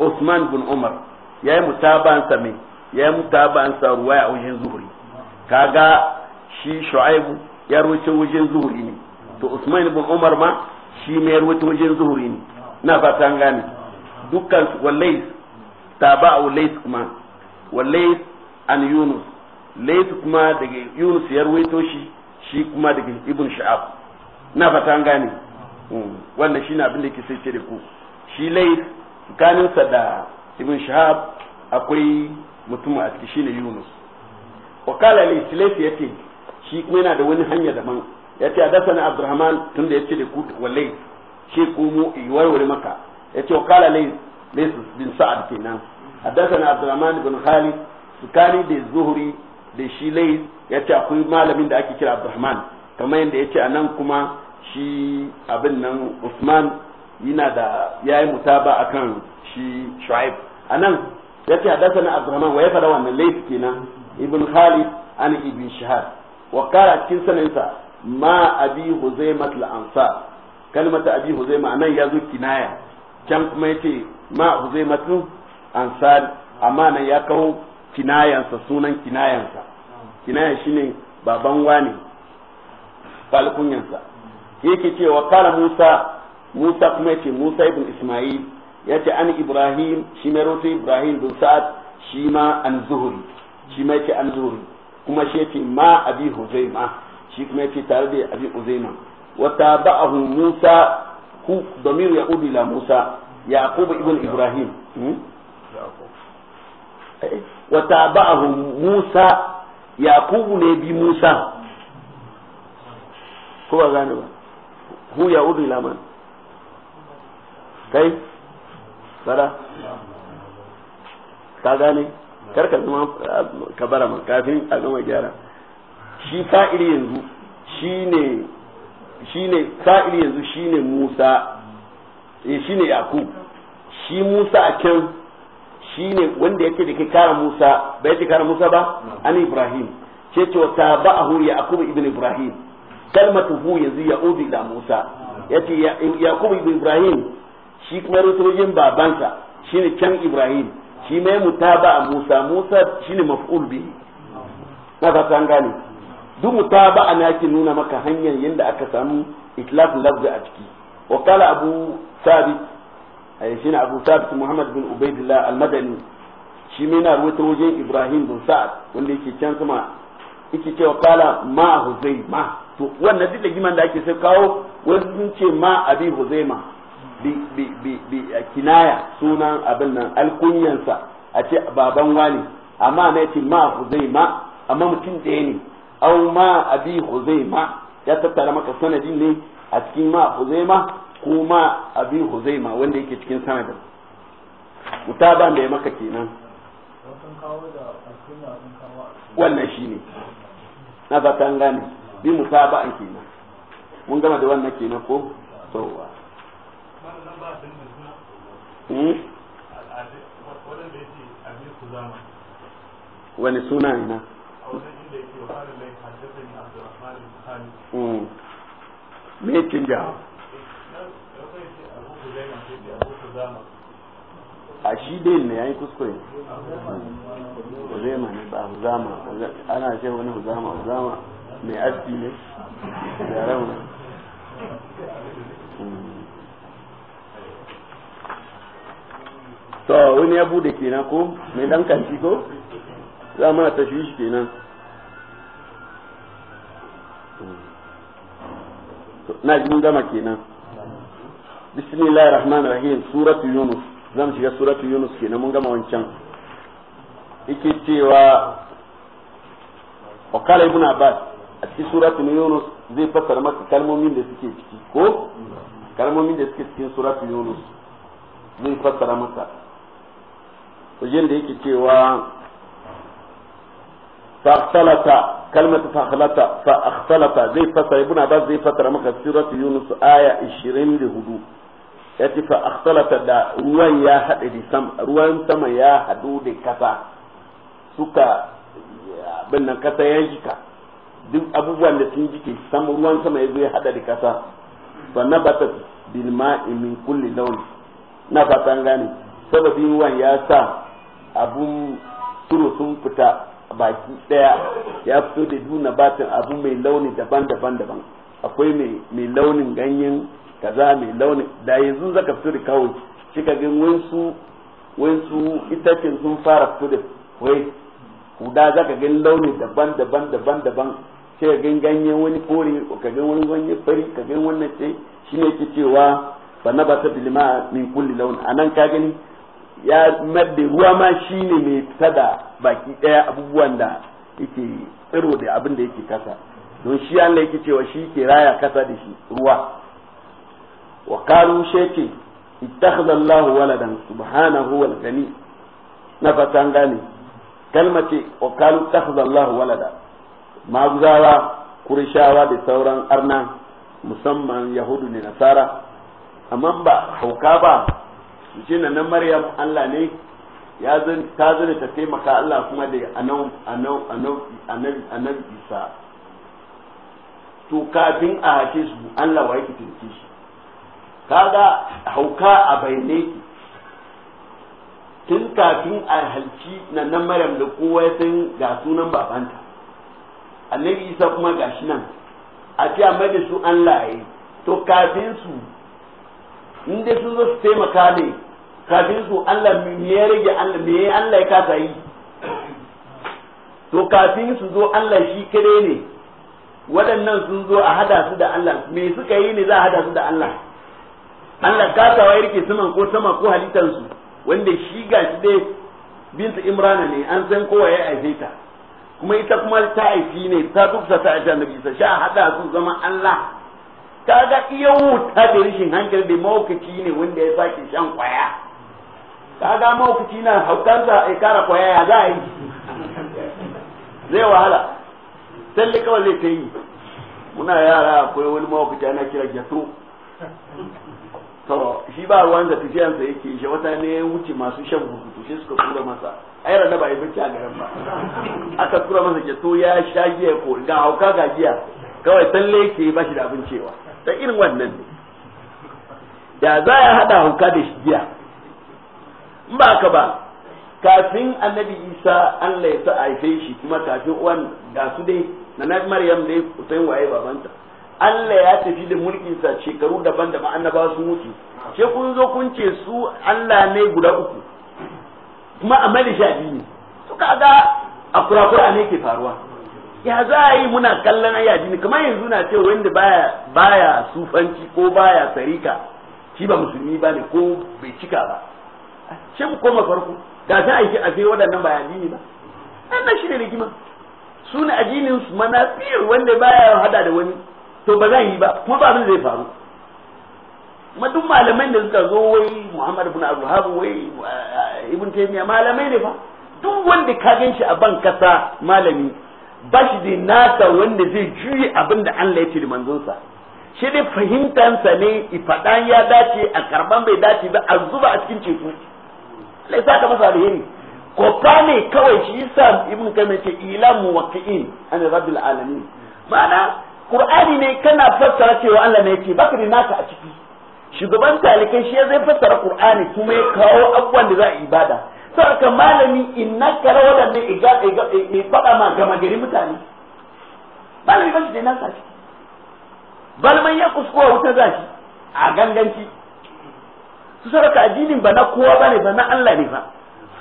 Usman Ibn Umar yayi mutabansa me yayi mutabansa ruwaya wajen zuhuri kaga shi Shu'aib ya roce wajen zuhuri ne to Usman ibn Umar ma shi ne rubuta wajen zuhuri ne na fata an gane dukkan wallahi taba'u lays kuma wallahi an Yunus Lais kuma daga Yunus ya rubuto shi shi kuma daga Ibn Sha'ab na fata an gane hmm, wannan ne abin da ke sai ce da ku shi lays tsakaninsa da Ibn Sha'ab akwai mutum a ciki ne Yunus wakala Lais ya yake shi kuma yana da wani hanya daban ya ce hadasana abdurrahman tun da ya ce da ku wallahi shi kumu warware maka ya ce wa kala lai lai bin sa'ad kenan hadasana abdurrahman bin khalid sukani da zuhuri da shi lai ya ce akwai malamin da ake kira abdurrahman kamar yadda ya ce a nan kuma shi abin nan usman yana da ya yi mutaba kan shi shu'aib a nan ya ce hadasana abdurrahman wa ya fara wannan laifi kenan ibn khalid an ibn shahar wa kara cikin sanansa ma abi huzaimat al-ansar kalmata abi huzaima anan ya zo kinaya can kuma yace ma huzaimatu ansar amma nan ya kawo kinayansa sunan kinayansa kinaya shine baban wani falkunyansa yake cewa kala musa musa kuma yace musa ibn isma'il yace an ibrahim shi ne rotu ibrahim bin sa'ad shi ma an zuhuri shi ma yace an zuhuri kuma shi yace ma abi huzaima shi kuma yake tare da abi uzaima wa tabahu musa hu damir yaqulu la musa yaqub ibn ibrahim hmm? eh, wa tabahu musa yaqub ne bi musa ko ba gane ba hu yaqulu la man kai bara ka gane karka zama ka man kafin a gama gyara shi sa'iri yanzu shine shine sa'iri yanzu shine Musa eh shine Yakub shi Musa a can shine wanda yake da ke kara Musa ba yake kara Musa ba an Ibrahim ce ce ta ba'ahu Yakub ibn Ibrahim hu yanzu ya ya'udu da Musa yace Yakub ibn Ibrahim shi kuma rutojin babansa shine can Ibrahim shi mai mutaba Musa Musa shine maf'ul bihi na ta gane duk ba na ke nuna maka hanyar yadda aka samu itlafin lafzi a ciki wa kala abu sabit yashi eh, na abu sabit muhammad bin ubaidullah al-madani shi mai na rubuta wajen ibrahim bin sa'ad wanda yake can sama yake ce kala ma huzai ma to wannan duk da giman da ake sai kawo wani sun ce ma abi huzai ma bi kinaya sunan abin nan alkunyansa a ce baban wani amma na ce ma huzai ma amma mutum ɗaya ne aw ma abi huzaima ya tattara maka sanadin ne a cikin ma huzaima ko ma abi huzaima wanda yake cikin sanadin mutaban da ya maka kenan wannan shi ne. na fata an gane bi mutaba'an kenan mun gama da wannan kenan ko tsowa hmm? wani suna ne na Mm. me canja a shi dai ne ya yi kuskure huzema ne ba huzama ana ce wani huzama huzama mai aski ne da mu mm. to wani ya bude kenan ko mai dan kanti ko za mana shi kenan mm. na ji gama kenan bismillahir rahmanir rahim suratu yunus zan shiga suratu yunus kenan mun gama wancan yake cewa wa kala ibn abbas a cikin suratu yunus zai fassara maka kalmomin da suke ciki ko kalmomin da suke cikin suratu yunus zai fassara maka wajen da yake cewa fasalata kalmata fahalata fa akhtalata zai fasara ibn abbas zai fasara maka suratu yunus aya 24 yati fa akhtalata da ruwan ya hade da sam ruwan sama ya hadu da kasa suka abin nan kasa ya jika duk abubuwan da sun jike sama ruwan sama ya zo ya hada da kasa fa nabata bil ma'i min kulli lawn na fatan gane sababin ruwan ya sa abun turo sun fita baki daya ya fito da duna batin abu mai launi daban-daban daban akwai mai launin ganyen kaza mai launin da yanzu zaka fito da kawai shi ka wansu wansu itacen sun fara fito da wai kuda zaka ga launi daban-daban daban-daban sai ka gan ganyen wani kore ka gan wani ganye fari ka gan wannan ce shine yake cewa fa nabata bilma min kulli laun anan ka gani ya madde ruwa ma shi ne mai fita da baki ɗaya abubuwan da yake tsiro da abin da yake kasa don shi an yake cewa shi ke raya kasa da shi ruwa wa karu sheke ittakhadha Allahu waladan subhanahu wal gani na fatan gane kalma wa karu ittakhadha Allahu walada maguzawa kurishawa da sauran arna musamman yahudu ne nasara amma ba hauka ba ce na nan maryam Allah ne ya zan ta zane ta taimaka Allah kuma da anau anau anau anau isa to kafin a hake su Allah wa yake tilke shi kaga hauka a bayyane ki tun kafin a halci na nan maryam da kowa ya san ga sunan babanta annabi isa kuma gashi nan a ce a da su Allah yi to kafin su in dai sun zo su taimaka ne kafin su Allah me ya rage Allah me Allah ya kasa yi to kafin su zo Allah shi kare ne waɗannan sun zo a hada su da Allah me suka yi ne za a hada su da Allah Allah kasawa ya rike saman ko sama ko halittansu wanda shi ga shi dai binta imrana ne an san kowa ya aife ta kuma ita kuma ta aifi ne ta duksa ta aifi annabi isa sha hada su zama Allah kaga iya wuta da rishin hankali da mawukaci ne wanda ya sake shan kwaya kaga mawukaci na haukansa ya kara kwaya ya za a yi zai wahala talle kawai zai ta yi muna yara akwai wani mawukaci ana kira jato to shi ba ruwan da tafiyansa yake shi wata ne wuce masu shan hukutu shi suka kura masa ai rana ba yi bacci a garin ba aka tura masa jato ya sha giya ko ga hauka ga giya kawai talle yake ba shi da abin cewa da irin wannan ne da za ya hada hauka da shi jiya in ba ka ba kafin annabi isa allah ya sa haife shi kuma kafin uwan ga su dai na na maryam dai kusan waye babanta allah ya tafi da mulkinsa shekaru daban-daban annabawa sun mutu sai kun zo kun ce su allah ne guda uku kuma a malisha biyu suka ga a kurakura ne ke faruwa ya za a yi muna kallon ayi addini kamar yanzu na ce wanda baya baya sufanci ko baya sarika shi ba musulmi ba ne ko bai cika ba shi ku koma farko ga za a yi a sai waɗannan ba addini ba an shi ne rigima su addinin su wanda baya hada da wani to ba zan yi ba kuma ba abin zai faru kuma duk malamai da suka zo wai Muhammad ibn Abu wai eh, Ibn Taymiyyah malamai ne fa duk wanda ka gan shi a ban kasa malami ba shi da nasa wanda zai juye abin da Allah ya ce da manzonsa shi dai fahimtansa ne ifadan ya dace a karban bai dace ba a zuba a cikin ceto Allah ya saka masa alheri kofa ne kawai shi yasa ibn kamar ce ilamu waqi'in an rabbil alamin ma'ana qur'ani ne kana fassara cewa Allah ne yake baka da nasa a ciki shugaban talikai shi ya zai fassara qur'ani kuma ya kawo abubuwan da za a ibada saka malami na kara waɗannan iga faɗa ma gama gari mutane malami ba shi da nan sashi balman ya kuskuwa wuta za shi a ganganci su saraka addinin ba na kowa ba ne ba na Allah ne ba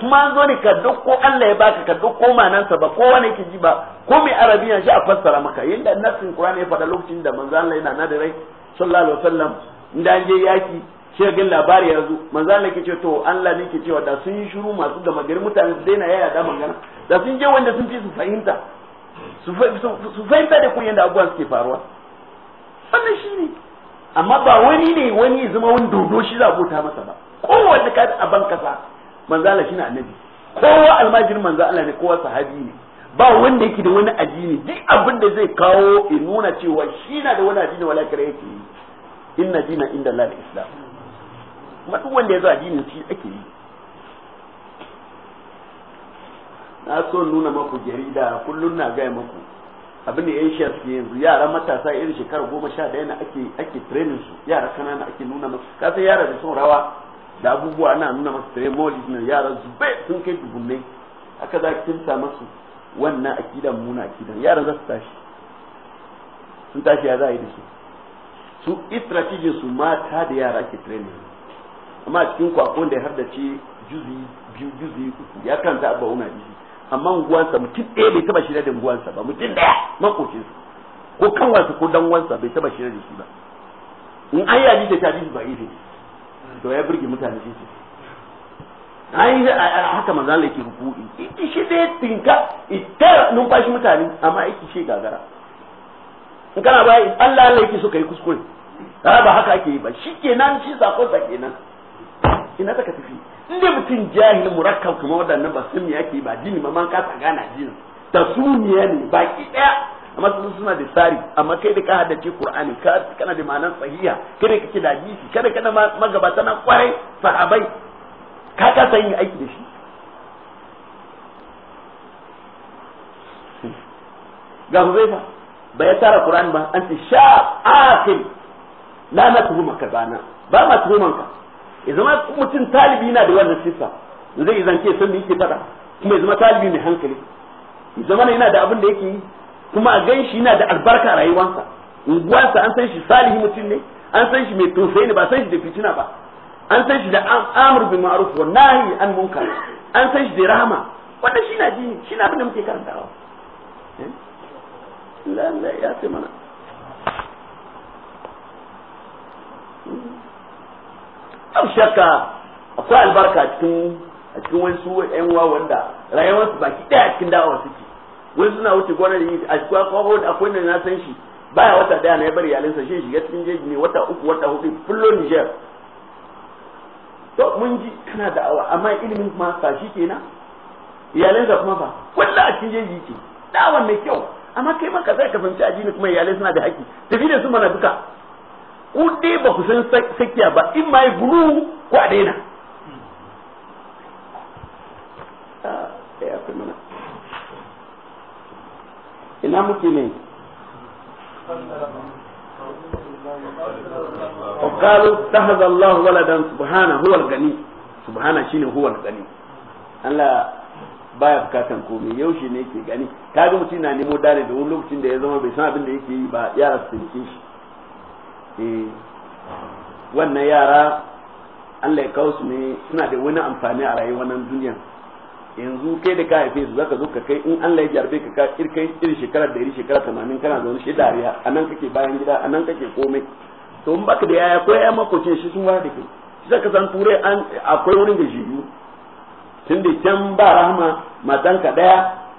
kuma an zo ne ka ko Allah ya baka ka ko manansa ba kowa ne ke ji ba ko mai arabiya shi a fassara maka yadda nassin Qur'ani ya faɗa lokacin da manzo Allah yana na da rai sallallahu alaihi wasallam inda an je yaki shi ga labari ya zo manzo Allah ke ce to Allah ne ke cewa da sun yi shiru masu gama gari mutane su daina yaya da magana da sun je wanda sun fi su fahimta su fahimta da kun yanda abubuwan suke faruwa wannan shi ne amma ba wani ne wani ya zama wani dodo shi za a bota masa ba kowanne ka a ban kasa manzo Allah shine annabi kowa almajirin manzo Allah ne kowa sahabi ne ba wanda yake da wani addini duk abin da zai kawo ya nuna cewa shi na da wani addini wala kare yake yi inna dina inda Allah islam kuma duk wanda ya zo addinin shi ake yi na so nuna maku jarida kullum na gaya maku abin da yan shiya suke yanzu yara matasa irin shekara goma sha na ake ake training su yara kanana ake nuna masu kasan yara da son rawa da abubuwa na nuna masu training molid na yara zube sun kai dubunne aka za ki kinta masu wannan akidan muna akidan yara za su tashi sun tashi ya za a yi da su su strategy su mata da yara ake training amma cikin kwakon da ya hardace juzi biyu juzi uku ya kanta abba wani hadisi amma unguwansa mutum ɗaya bai taba shirya da unguwansa ba mutum ɗaya makocin su ko wasu ko dan wansa bai taba shirya da shi ba in an yi hadisi ta hadisi ba ne. to ya burge mutane shi ce. an yi haka manzo Allah yake ruku'i iki shi dai tinka ita numfashi mutane amma iki shi gagara in kana ba Allah Allah yake so kai kuskure ba haka ake yi ba shikenan shi sakon sa kenan ina zaka tafi inda mutum jahil murakkab kuma wadannan ba sun yake ba dini ma man kasa gana dini tasuniya ne baki daya amma su suna da tsari amma kai da ka haddace qur'ani ka kana da ma'anar sahiha kai da kake da hadisi kada kana magabata na kwarai sahabai ka ka san yin aiki da shi ga Huzaifa ba ya tara qur'ani ba an ce sha akil la na tuhuma ka bana ba ma tuhuman ka zama mutum talibi yana da wannan sifa zai zance san me yake fada kuma zama talibi mai hankali ya zama yana da abin da yake yi kuma a gan shi yana da albarka rayuwarsa unguwarsa an san shi salihi mutum ne an san shi mai tausayi ne ba san shi da fitina ba an san shi da amr bi ma'ruf wa nahi an munkar an san shi da rahama wanda shi na dini shi na abin da muke karantawa eh? Allah ya ce mana hmm. abu shakka akwai albarka cikin a cikin wasu yan uwa wanda rayuwarsu baki daya cikin da'awa suke wani suna wuce gona da yi a cikin kwaho da akwai na san shi baya wata daya na ya bari yalinsa shi shiga cikin jeji ne wata uku wata hudu fullo Niger to mun ji kana da'awa amma ilimin kuma ba shi kenan iyalinsa kuma ba kullum a cikin jeji ke da'awa mai kyau amma kai ka zai ka fahimci addini kuma iyalai suna da haƙƙi tafi da su mana duka ku dai ba ku san sakiya ba in ma yi gulu ko a daina ah, ina muke ne وقالوا اتخذ الله ولدا سبحانه هو الغني سبحانه شنو هو الغني الله baya bukatan komai yaushe ne yake gani kaga mutum na nemo dare da wani lokacin da ya zama bai san abin da yake yi ba yara su tsinke shi Eh, wannan yara Allah ya kawo su ne suna da wani amfani a rayuwar nan duniya yanzu kai da ka haife su zaka zo ka kai in Allah ya jarbe ka ka irkai irin shekara da irin shekara tamanin kana zaune shi dariya anan kake bayan gida anan kake komai to in baka da yaya ko yaya makocin shi sun wada da kai shi zaka san turai an akwai wurin da jiyu tun da can ba rahama matanka daya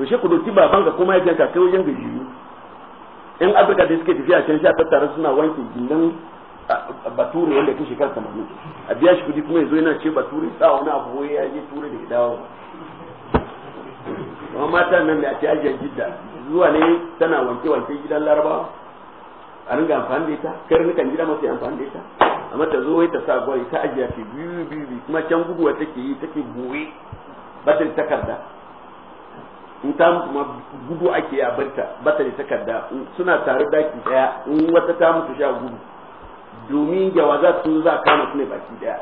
to shi ku doki babanka kuma ya ka kai wajen gajiyu in afirka da suke tafiya can sha tare suna wanke gindin bature wanda ke shekar tamanin a biya shi kudi kuma ya zo yana ce bature sa wani abu ya je ture da dawo kuma mata nan da ake ajiyar jidda zuwa ne tana wanke wanke gidan larabawa a ringa amfani da ita karnukan gida masu amfani da ita amma ta zo wai ta sa gwai ta ajiya ce biyu biyu kuma can guguwa take yi take goye batin takarda wuta kuma gudu ake a barta bata da takarda suna tare daki daya in wata ta mutu sha gudu domin gawaza su za kama su ne baki daya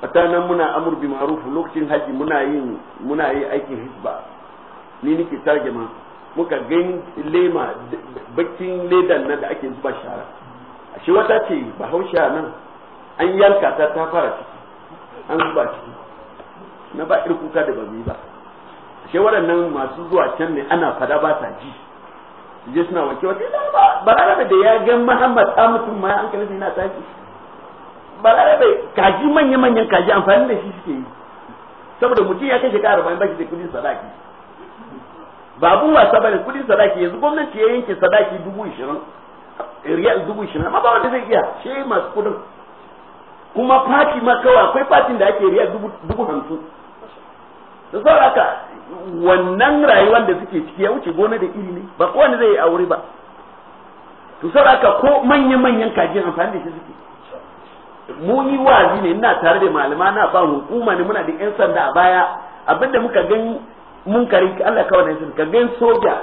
a nan muna amur bi maruf lokacin haji muna yin muna yi aikin hisba ni nake tarjama muka gani lema bakin ledan nan da ake zuba shara a shi wata ce ba bahausha nan an yanka ta ta fara ciki an zuba ciki na ba irin kuka da ba ba shi waɗannan masu zuwa can ne ana fada ba ta ji je suna wanke wace balarabe da ya gan muhammad ta mutum ma an kalli yana tashi balarabe kaji manya-manyan kaji amfani da shi suke yi saboda mutum ya kai shekara arba'in bashi da kudin sadaki ba abun wasa bane kudin sadaki yanzu gwamnati ya yanke sadaki dubu ishirin riyal dubu ishirin amma ba wanda zai iya shi masu kudin kuma fati ma kawai akwai fatin da ake riyal dubu hamsin da saboda haka wannan rayuwar da suke ciki ya wuce gona da iri ne ba kowane zai yi aure ba to saboda haka ko manya-manyan kajin amfani da shi suke mu yi wazi ne ina tare da malama na ba hukuma ne muna da yan sanda a baya abinda muka gan munkari Allah kawai ne sun ka gan soja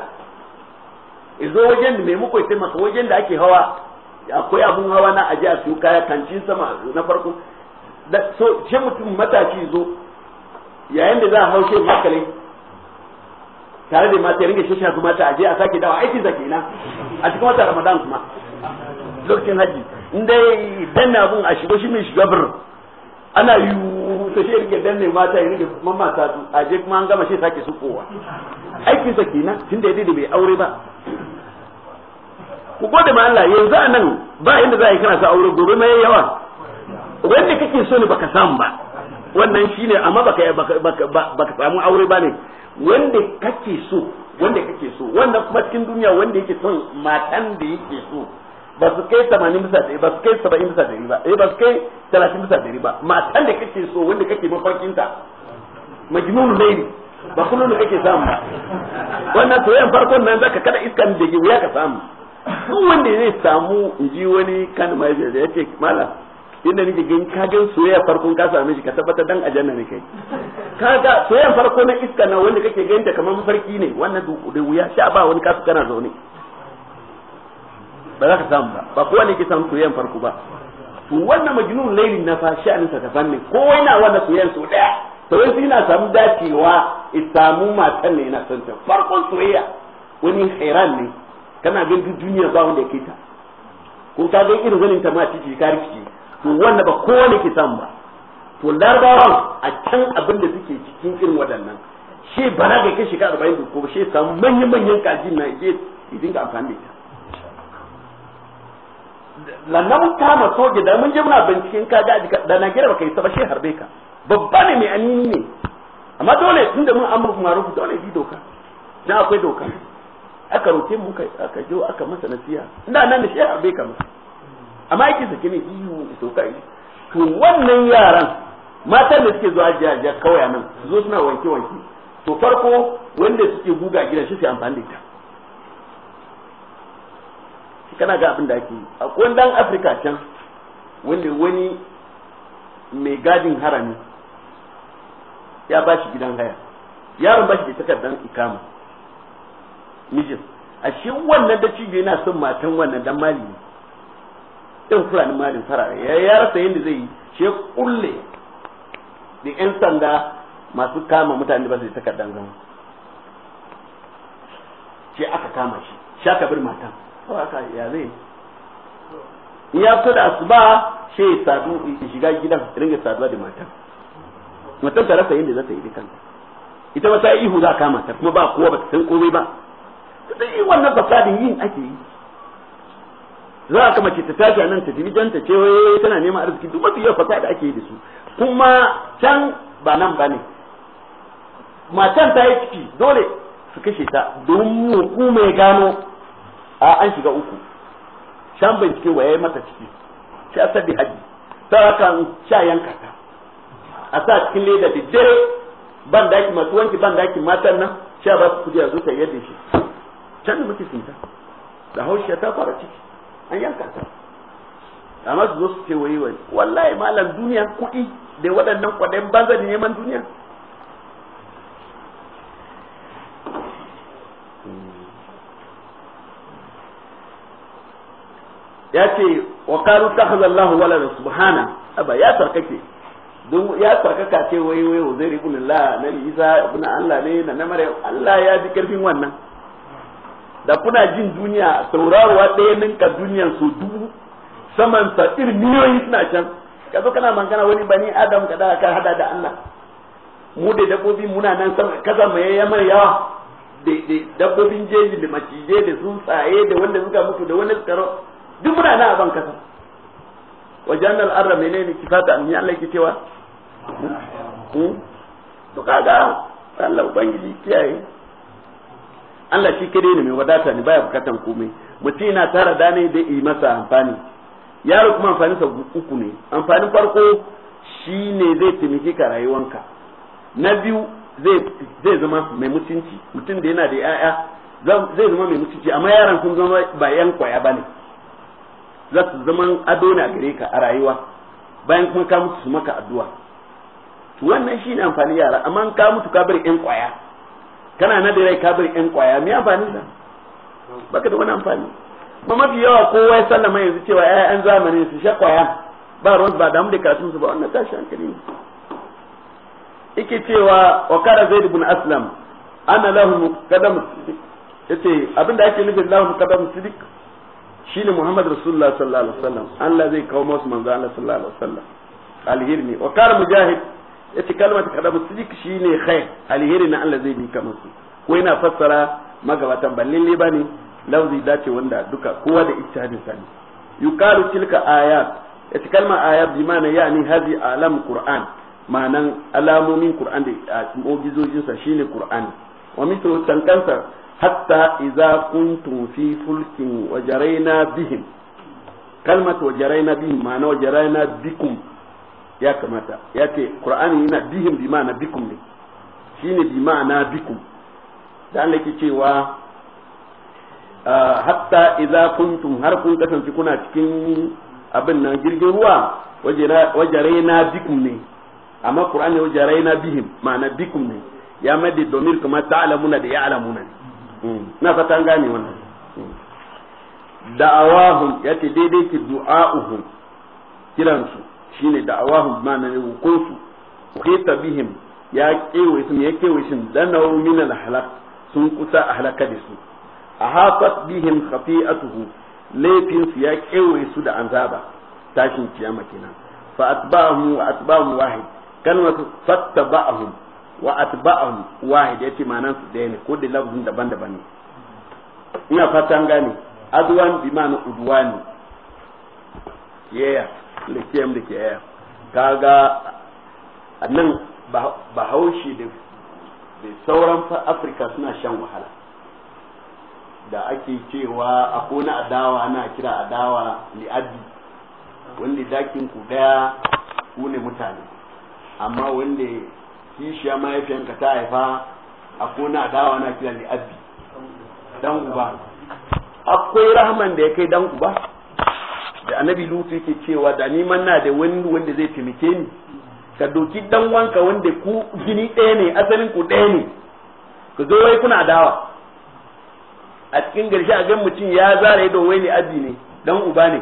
izo wajen da mai muku ita maka wajen da ake hawa akwai abun hawa na aji a su kaya kancin sama na farko da so ce mutum matashi zo yayin da za a haushe makalai tare da mata ya ringa shisha su mata aje a sake dawa aiki zake na a cikin wata ramadan kuma lokacin haji in dai danna abun a shigo shi mai shiga bir ana yi ta shi ringa danne mata ya kuma mamata su aje kuma an gama shi sake su kowa na tun da ya da bai aure ba ku gode ma Allah yanzu a nan ba inda za a yi kana sa aure gobe mai yawa wanda kake so ne baka samu ba wannan shine amma baka baka samu aure bane wanda kake so wanda kake so wannan kuma cikin duniya wanda yake son matan da yake so ba su kai 80 bisa ɗari ba su kai 70 bisa ɗari ba eh ba su kai 30 bisa ɗari ba matan da kake so wanda kake mafarkin ta majnun laili ba kullun da kake samu ba wannan yan farkon nan zaka kada iskan da wuya ka samu duk wanda zai samu inji wani kan mai ya ce malam inda nake gani ka ga soyayya farkon ka same shi ka tabbatar dan aljanna ne kai kaga soyayya farko na iska na wanda kake ganin ta kamar mafarki ne wannan da wuya sha ba wani kasu kana zaune ba za ka samu ba ba kowa ne ke samu soyayyan farko ba to wannan majnun lailin na fa sha'anin sa daban ne kowa yana wannan soyayyan so daya to wai ina samu dacewa in samu matan ne yana son ta farkon soyayya wani hairan ne kana ganin duniya ba wanda yake ta ko ka ga irin zanin ta ma titi ka rikici to wanda ba kowane ke samu ba to larabawan a can abin da suke cikin irin waɗannan shi bana ga kai shekara arba'in ko shi samu manyan manyan kaji na ke idin ga amfani da ita lannan mun kama soja da mun je muna binciken kaji a jika da na baka kai saba shi harbe ka babba ne mai anini ne amma dole tunda mun kuma marufu dole bi doka na akwai doka aka roke mu aka jo aka masa nasiya ina nan da shi harbe ka masa amma yake sake ne ihu sauka yi to wannan yaran matan da suke zuwa jaja kawai a nan su zo suna wanke wanke to farko wanda suke guga gidan shi sai amfani da ita kana ga abin da ake a dan afirka can wanda wani mai gadin harami ya ba shi gidan haya yaron ba shi da takardar ikama mijin a shi wannan da cibiya son matan wannan dan ɗin fulani malin farare ya ya rasa yadda zai yi she kulle da yan sanda masu kama mutane ba su takardar zama she aka kama shi Sha aka bir matan aka ya zai in ya fita da asuba she sadu shiga gidan ringa saduwa da matan matan ta rasa yadda za ta yi da kanta ita ba ta ihu za a kama ta kuma ba kowa ba ta san komai ba yi wannan fasadin yin ake yi za kama mace ta tafi a nan ta tafi ta ce wai tana neman arziki duk mafi yau fasa da ake yi da su kuma can ba nan ba ne matan ta yi ciki dole su kashe ta domin mu mai gano a an shiga uku can bincike wa yayi mata ciki sai a sabi haji ta kan sha yanka ta a sa cikin leda da dare ban daki masu wanki ban daki matan nan sha ba su kudi a zo yadda shi can da muke sinta da haushi ta fara ciki an yanka ta a su zo su ce wai wai wallahi malam duniya kuɗi da waɗannan kwaɗayin ba zan neman duniya ya ce wa qalu lahu wala da subhana aba ya sarkake don ya sarkaka ce wai wai zai ibn la na Isa ibn Allah ne na Maryam Allah ya ji karfin wannan da kuna jin duniya saurarwa ɗaya ninka duniyan so dubu saman sa irin miliyoyi suna can ka zo kana magana wani bani adam ka da ka hada da Allah mu da dabbobi muna nan sama kasa mai yamar yawa da dabbobin jeji da macije da tsuntsaye da wanda suka mutu da wani tsaro duk muna nan a ban kasa wajen al'arra menene kifata ni Allah ke cewa hmm? to kaga Allah ubangiji kiyaye Allah shi kare ne mai wadata ne baya bukatan komai mutum yana tara da ne da yi masa amfani yaro kuma amfani sa uku ne amfanin farko shine zai taimake ka rayuwanka na biyu zai zama mai mutunci mutum da yana da ya'ya zai zama mai mutunci amma yaran sun zama ba yan kwaya bane za su zama ado ne a gare ka a rayuwa bayan kuma ka mutu su maka addu'a to wannan shine amfanin yara amma ka mutu ka bar yan kwaya kana na da ka bari yan kwaya me amfani da baka da wani amfani ma mafi yawa kowa ya sallama yanzu cewa an zamani su sha kwaya ba ruwan ba damu da karatun su ba wannan tashi hankali ne yake cewa wa kara zaid ibn aslam ana lahum qadam yace abinda ake nufi lahum qadam sidik shine muhammad rasulullah sallallahu alaihi wasallam Allah zai kawo musu manzo Allah sallallahu alaihi wasallam alhirmi wa kara mujahid yace kalmar kadabu shi shine khair alheri na Allah zai bi ka musu ko yana fassara magabatan balle ba ne lafzi dace wanda duka kowa da ittihadin sa ne yuqalu tilka ayat yace kalma ayat bi mana yani hadi alam qur'an ma'anan alamomin qur'an da ogizojin sa shine qur'an wa mithlu tankansa hatta idza kuntum fi fulkin wa bihim kalmatu wa bihim ma'ana wa bikum ya kamata ya ce qur'ani yana bihim bi ma'ana bikum ne shi ne bi ma'ana bikum da Allah yake cewa ah, hatta idza kuntum har kun kasance kuna cikin abin nan jirgin ruwa na bikum ne amma qur'ani wajaraina bihim ma'ana bikum ne ya madi domir kuma ta'lamuna da ya'lamuna ne hmm. na fata gane wannan hmm. da'awahum yace daidai ki du'a'uhum kiransu shine da'awahum ma na hukunsu qita bihim ya kewe su ya kewe shin danaw min al-halak sun kusa a halaka da su ahafat bihim khati'atuhu laifin su ya kewe su da anzaba tashin kiyama kenan fa atba'ahum wa atba'ahum wahid kalmatu fattaba'ahum wa atba'ahum wahid yace ma'anar su da ne ko da lafzin daban-daban ne ina fatan gane adwan bi ma'ana udwani yeah da kiyam da ke yaya kaga a nan bahaushe da sauran afirka suna shan wahala da ake cewa a kona adawa ana kira adawa li'addi wanda dakin ku daya ku ne mutane amma wanda kishiya mahaifiyanka ta haifa a na adawa ana kira li'addi dan uba akwai rahman da ya kai dan uba da annabi lutu yake cewa da ni na da wani wanda zai taimake ni ka doki dan wanka wanda ku gini ɗaya ne asalin ku ɗaya ne ka zo wai kuna dawa a cikin garshe a gan mutum ya zara ido wai ne abi ne dan uba ne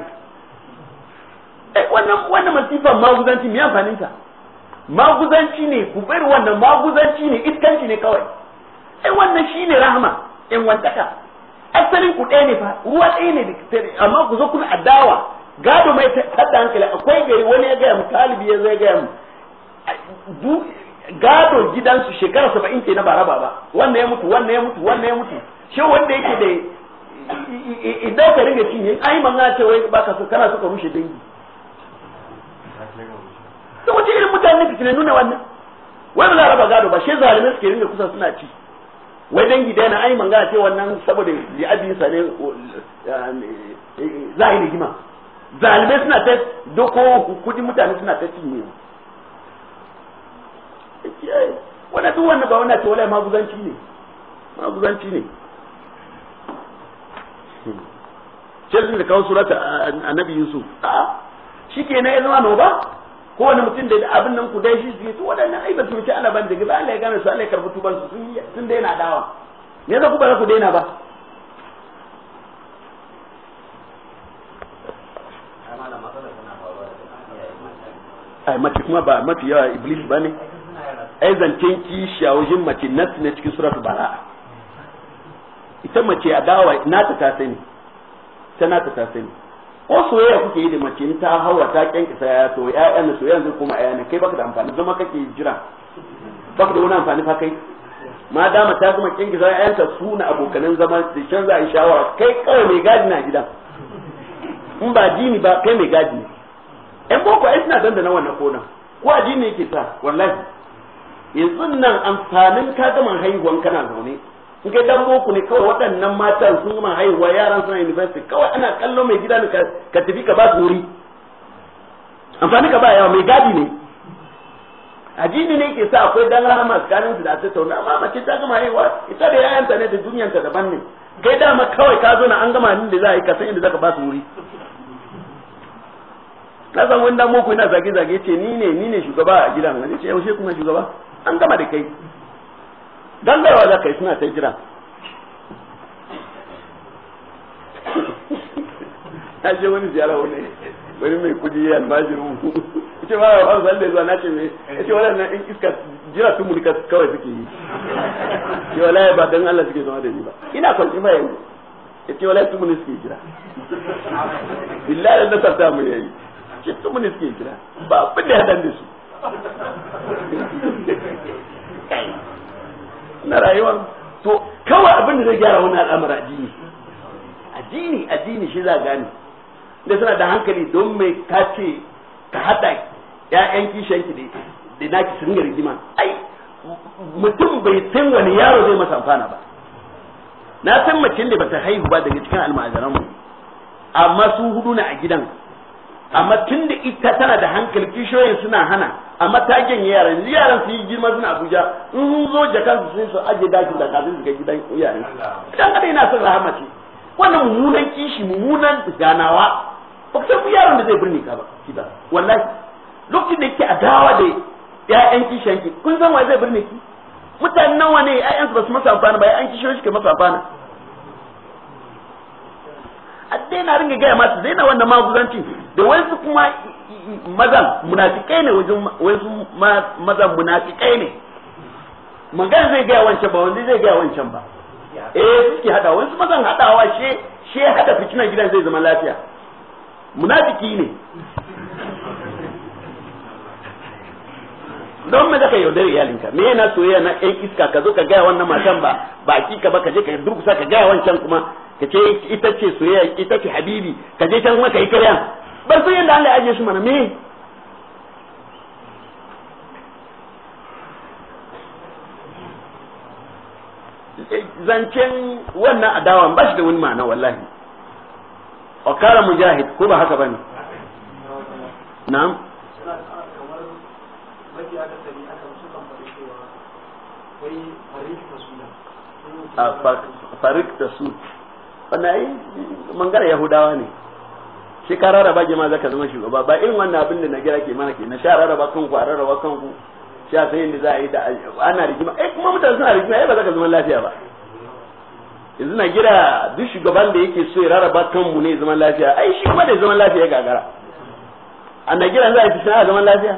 eh, wannan wannan masifan maguzanci me amfanin ta maguzanci ne ku bari wannan maguzanci ne iskanci ne kawai ai eh, wannan shine rahma in ka asalin ku ɗaya ne fa ruwa ɗaya ne da amma ku zo kuna adawa gado mai tada hankali akwai gari wani ya gaya mu talibi ya zai gaya mu gado gidansu shekara saba'in ke na ba ba wannan ya mutu wannan ya mutu wannan ya mutu shi wanda yake da idan ka ringa cinye ai manga ce wai baka so kana so ka rushe dangi to wace irin mutane ne nuna wannan wai ba za a raba gado ba shi zalimai suke ringa kusa suna ci wai dangi dai na ai manga ce wannan saboda li abi sa ne eh, eh, za a yi zalibai suna ta doko kudi mutane suna ta cinye wannan duk wannan ba wannan ce wallahi maguzanci ne maguzanci ne hmm. sai da kawo surata annabi yusuf a shi ke na ya zama ba. kowane mutum da abin nan ku dai shi su yi su waɗannan ai ba su ban daga ba Allah ya gane su Allah ya karɓi tuban su sun daina dawa me yasa ku ba za ku daina ba ai mace kuma ba mafi yawa iblis ba ne ai zancen kishiya wajen mace nas ne cikin suratu bara. ita mace a dawa nata ta sani ta nata ta sani ko soyayya kuke yi da mace ta hawa ta kyankisa ya to ya'yan soyayya yanzu kuma yana kai baka da amfani zama kake jira baka da wani amfani fa kai ma dama ta zama kyankisa ya'yan ta suna abokanan zama da can za a yi shawara kai kawai mai gadi na gidan in ba jini ba kai mai gadi ne yan boko ai suna dandana wannan kona ko a jini yake sa wallahi yanzu nan amfanin ka gama haihuwan kana zaune ga dan boko ne kawai waɗannan matan sun ma haihuwa yaran suna university kawai ana kallo mai gida ne ka tafi ka ba su wuri amfani ka ba yawa mai gadi ne ajini ne ke sa akwai dan rahama tsakanin su da ta tauna amma mace ta gama haihuwa ita da ta ne da ta daban ne kai dama kawai ka zo na an gama nin da za a yi ka san inda zaka ba su wuri na san wani dan boko yana zage-zage ce ni ne ni ne shugaba a gidan ne ce yaushe kuma shugaba an gama da kai dangarwa za ka yi suna ta jira na je wani ziyara wani wani mai kudi ya almajirin mu ce ba wa san da zuwa na ce mai ya ce waɗannan in iska jira sun mulka kawai suke yi ce wallahi ba dan Allah suke zama da ni ba ina kwanci ba yanzu ya ce wallahi tumuni suke jira billahi da ta mu yayi ce tumuni suke jira ba abin da ya dan da su na rayuwar to kawai abin da zai gyara wani al'amura addini addini addini shi za gane da suna da hankali don mai ka ce ka haɗa ƴaƴan kishiyanki da da naki su ringa rigima ai mutum bai san wani yaro zai masa amfana ba na san mace da ta haihu ba daga cikin almajiran mu amma su hudu na a gidan amma tun da ita tana da hankali kishiyoyin suna hana amma ta janye yaran yaran su yi girma suna abuja in sun zo jakan su sun su aje dakin da kafin su ga gidan iyayen dan kada ina son rahmaci wannan mummunan kishi mummunan ganawa ba ka san yaron da zai birni ka ba kida wallahi lokacin da yake adawa da ya'yan kishiyanki kun san wa zai birni ki mutanen nawa ne su ba su masa amfana ba ƴaƴan kishiyoyi suke masa amfana dai na ringa gaya masu zai na wannan maguzanci da wasu kuma mazan munafikai ne wasu mazan munafikai ne magana zai gaya wancan ba wanda zai gaya wancan ba eh suke hada wasu mazan hadawa she she hada fitina gidan zai zama lafiya munafiki ne don me zaka yaudare iyalinka me yana soyayya na ɗan iska ka zo ka gaya wannan matan ba baki ka ba ka je ka durkusa ka gaya wancan kuma ka ce ita ce soyayya ita ce habibi ka je can maka yi karyan bar su yadda Allah ya aje shi mana me zancen wannan adawan ba shi da wani ma'ana wallahi wa kara mujahid ko ba haka bane na'am a farik da su wannan ai mangara yahudawa ne shi ka rarraba jama'a zaka zama shugaba ba irin wannan abin da na gira ke mana ke na sha rarraba kanku a rarraba kanku sha sai yadda za a yi da ana rigima ai eh, kuma mutane suna rigima ai ba zaka zama lafiya ba yanzu na gira duk shugaban da yake so ya rarraba kanmu ne zaman lafiya ai shi kuma da zaman lafiya gagara a na gira za a yi fishin a zaman lafiya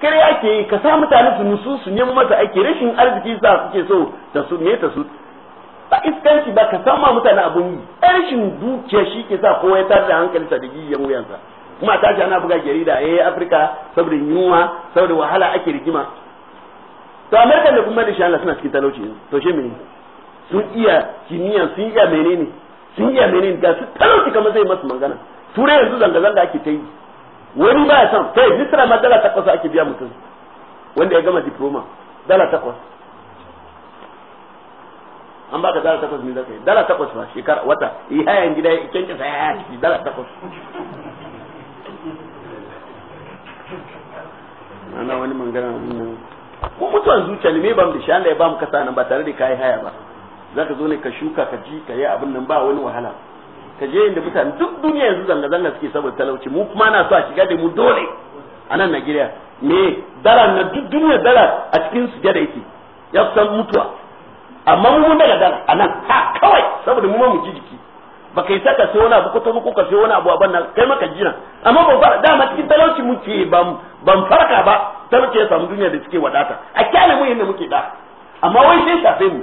kare ake yi ka sa mutane su nusu su nemi masa ake rashin arziki sa suke so ta su ne ta su ba iskanci ba ka san ma mutane abun yi rashin dukiya shi ke sa kowa ya tar da hankalinsa da giyan wuyansa kuma ta ana buga jarida eh Afirka saboda yunwa saboda wahala ake rigima to Amerika da kuma da shi Allah suna cikin talauci to she menene sun iya kimiyya sun iya menene sun iya menene ga su talauci kamar zai masu magana turai yanzu zanga zanga ake ta yi wani ba ya san kai misra ma dala takwas ake biya mutum wanda ya gama diploma dala takwas an baka dala takwas ne zaka yi dala takwas ba shekara wata yi hayan gida ya kyanke sai ya ciki dala takwas ana wani mangana nan ko mutuwan zuciya ne me bam da shi ya ba bamu kasa nan ba tare da kai haya ba zaka zo ne ka shuka ka ji ka yi abin nan ba wani wahala ka je inda mutane duk duniya yanzu zanga zanga suke saboda talauci mu kuma na so a shiga da mu dole a nan Najeriya me dala na duk duniya dala a cikin sujada yake ya san mutuwa amma mu mun daga dan anan ha kawai saboda mu ma mu ji jiki ba kai saka sai wani abu ko tafi ko sai wani abu a nan kai maka jina amma ba fara dama cikin talauci muke ban ban farka ba talauci ya samu duniya da suke wadata a kyale mu yanda muke da amma wai sai shafe mu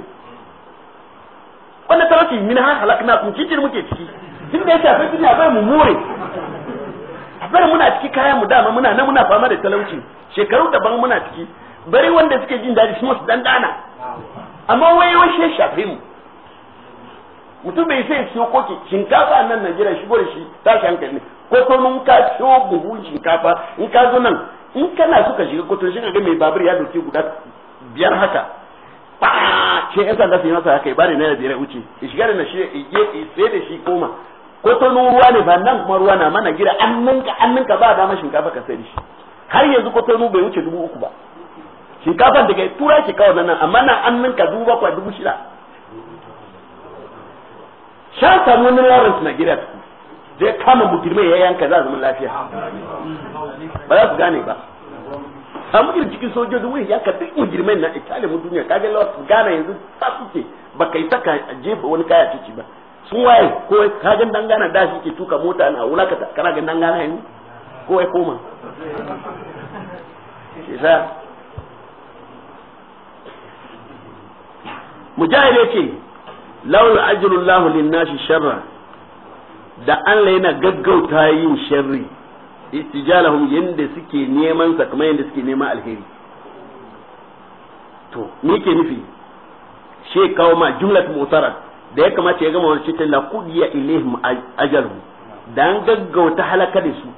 wannan talauci min ha halakna kun cikin muke ciki tun da ya shafe duniya bai mu more a bari muna ciki kayan mu dama muna na muna fama da talauci shekaru daban muna ciki bari wanda suke jin daɗi su dan dandana amma wai wai shi shafe mu mutum bai sai siyo koke shinkafa nan Najeriya shigo da shi tashi hankali ne mun ka ciwo buhu shinkafa in ka zo nan in kana suka shiga to shi ga mai babur ya doki guda biyar haka ba ce yasa da su yi masa haka ya bari naira biyar wuce ya shiga da na shi ya je sai da shi koma nu ruwa ne ba nan kuma ruwa na mana gida an ninka an ninka ba dama shinkafa ka sai da shi har yanzu kotonu bai wuce dubu uku ba shinkafan daga tura shi kawai nan amma nan an ninka dubu bakwai dubu shida shan samu wani lawrence na gida su zai kama mutirme ya yanka za zama lafiya ba za su gane ba samu jirgin sojoji wuri ya karbi mujirmai na italiya mu duniya kage su gana yanzu su suke ba kai saka jefa wani kaya ciki ba sun waye ko kagan dangana da shi ke tuka mota na ka kana ga dangana yanzu ko ya koma shi mujahid yace laula lahu lin-nasi sharra da Allah yana gaggauta yin sharri istijalahum yanda suke neman sa kamar yanda suke neman alheri to me ke nufi she kawo ma jumlat mutara da ya kamata ya gama wannan cikin la qudiya ilaihim ajalhum dan gaggauta halaka da su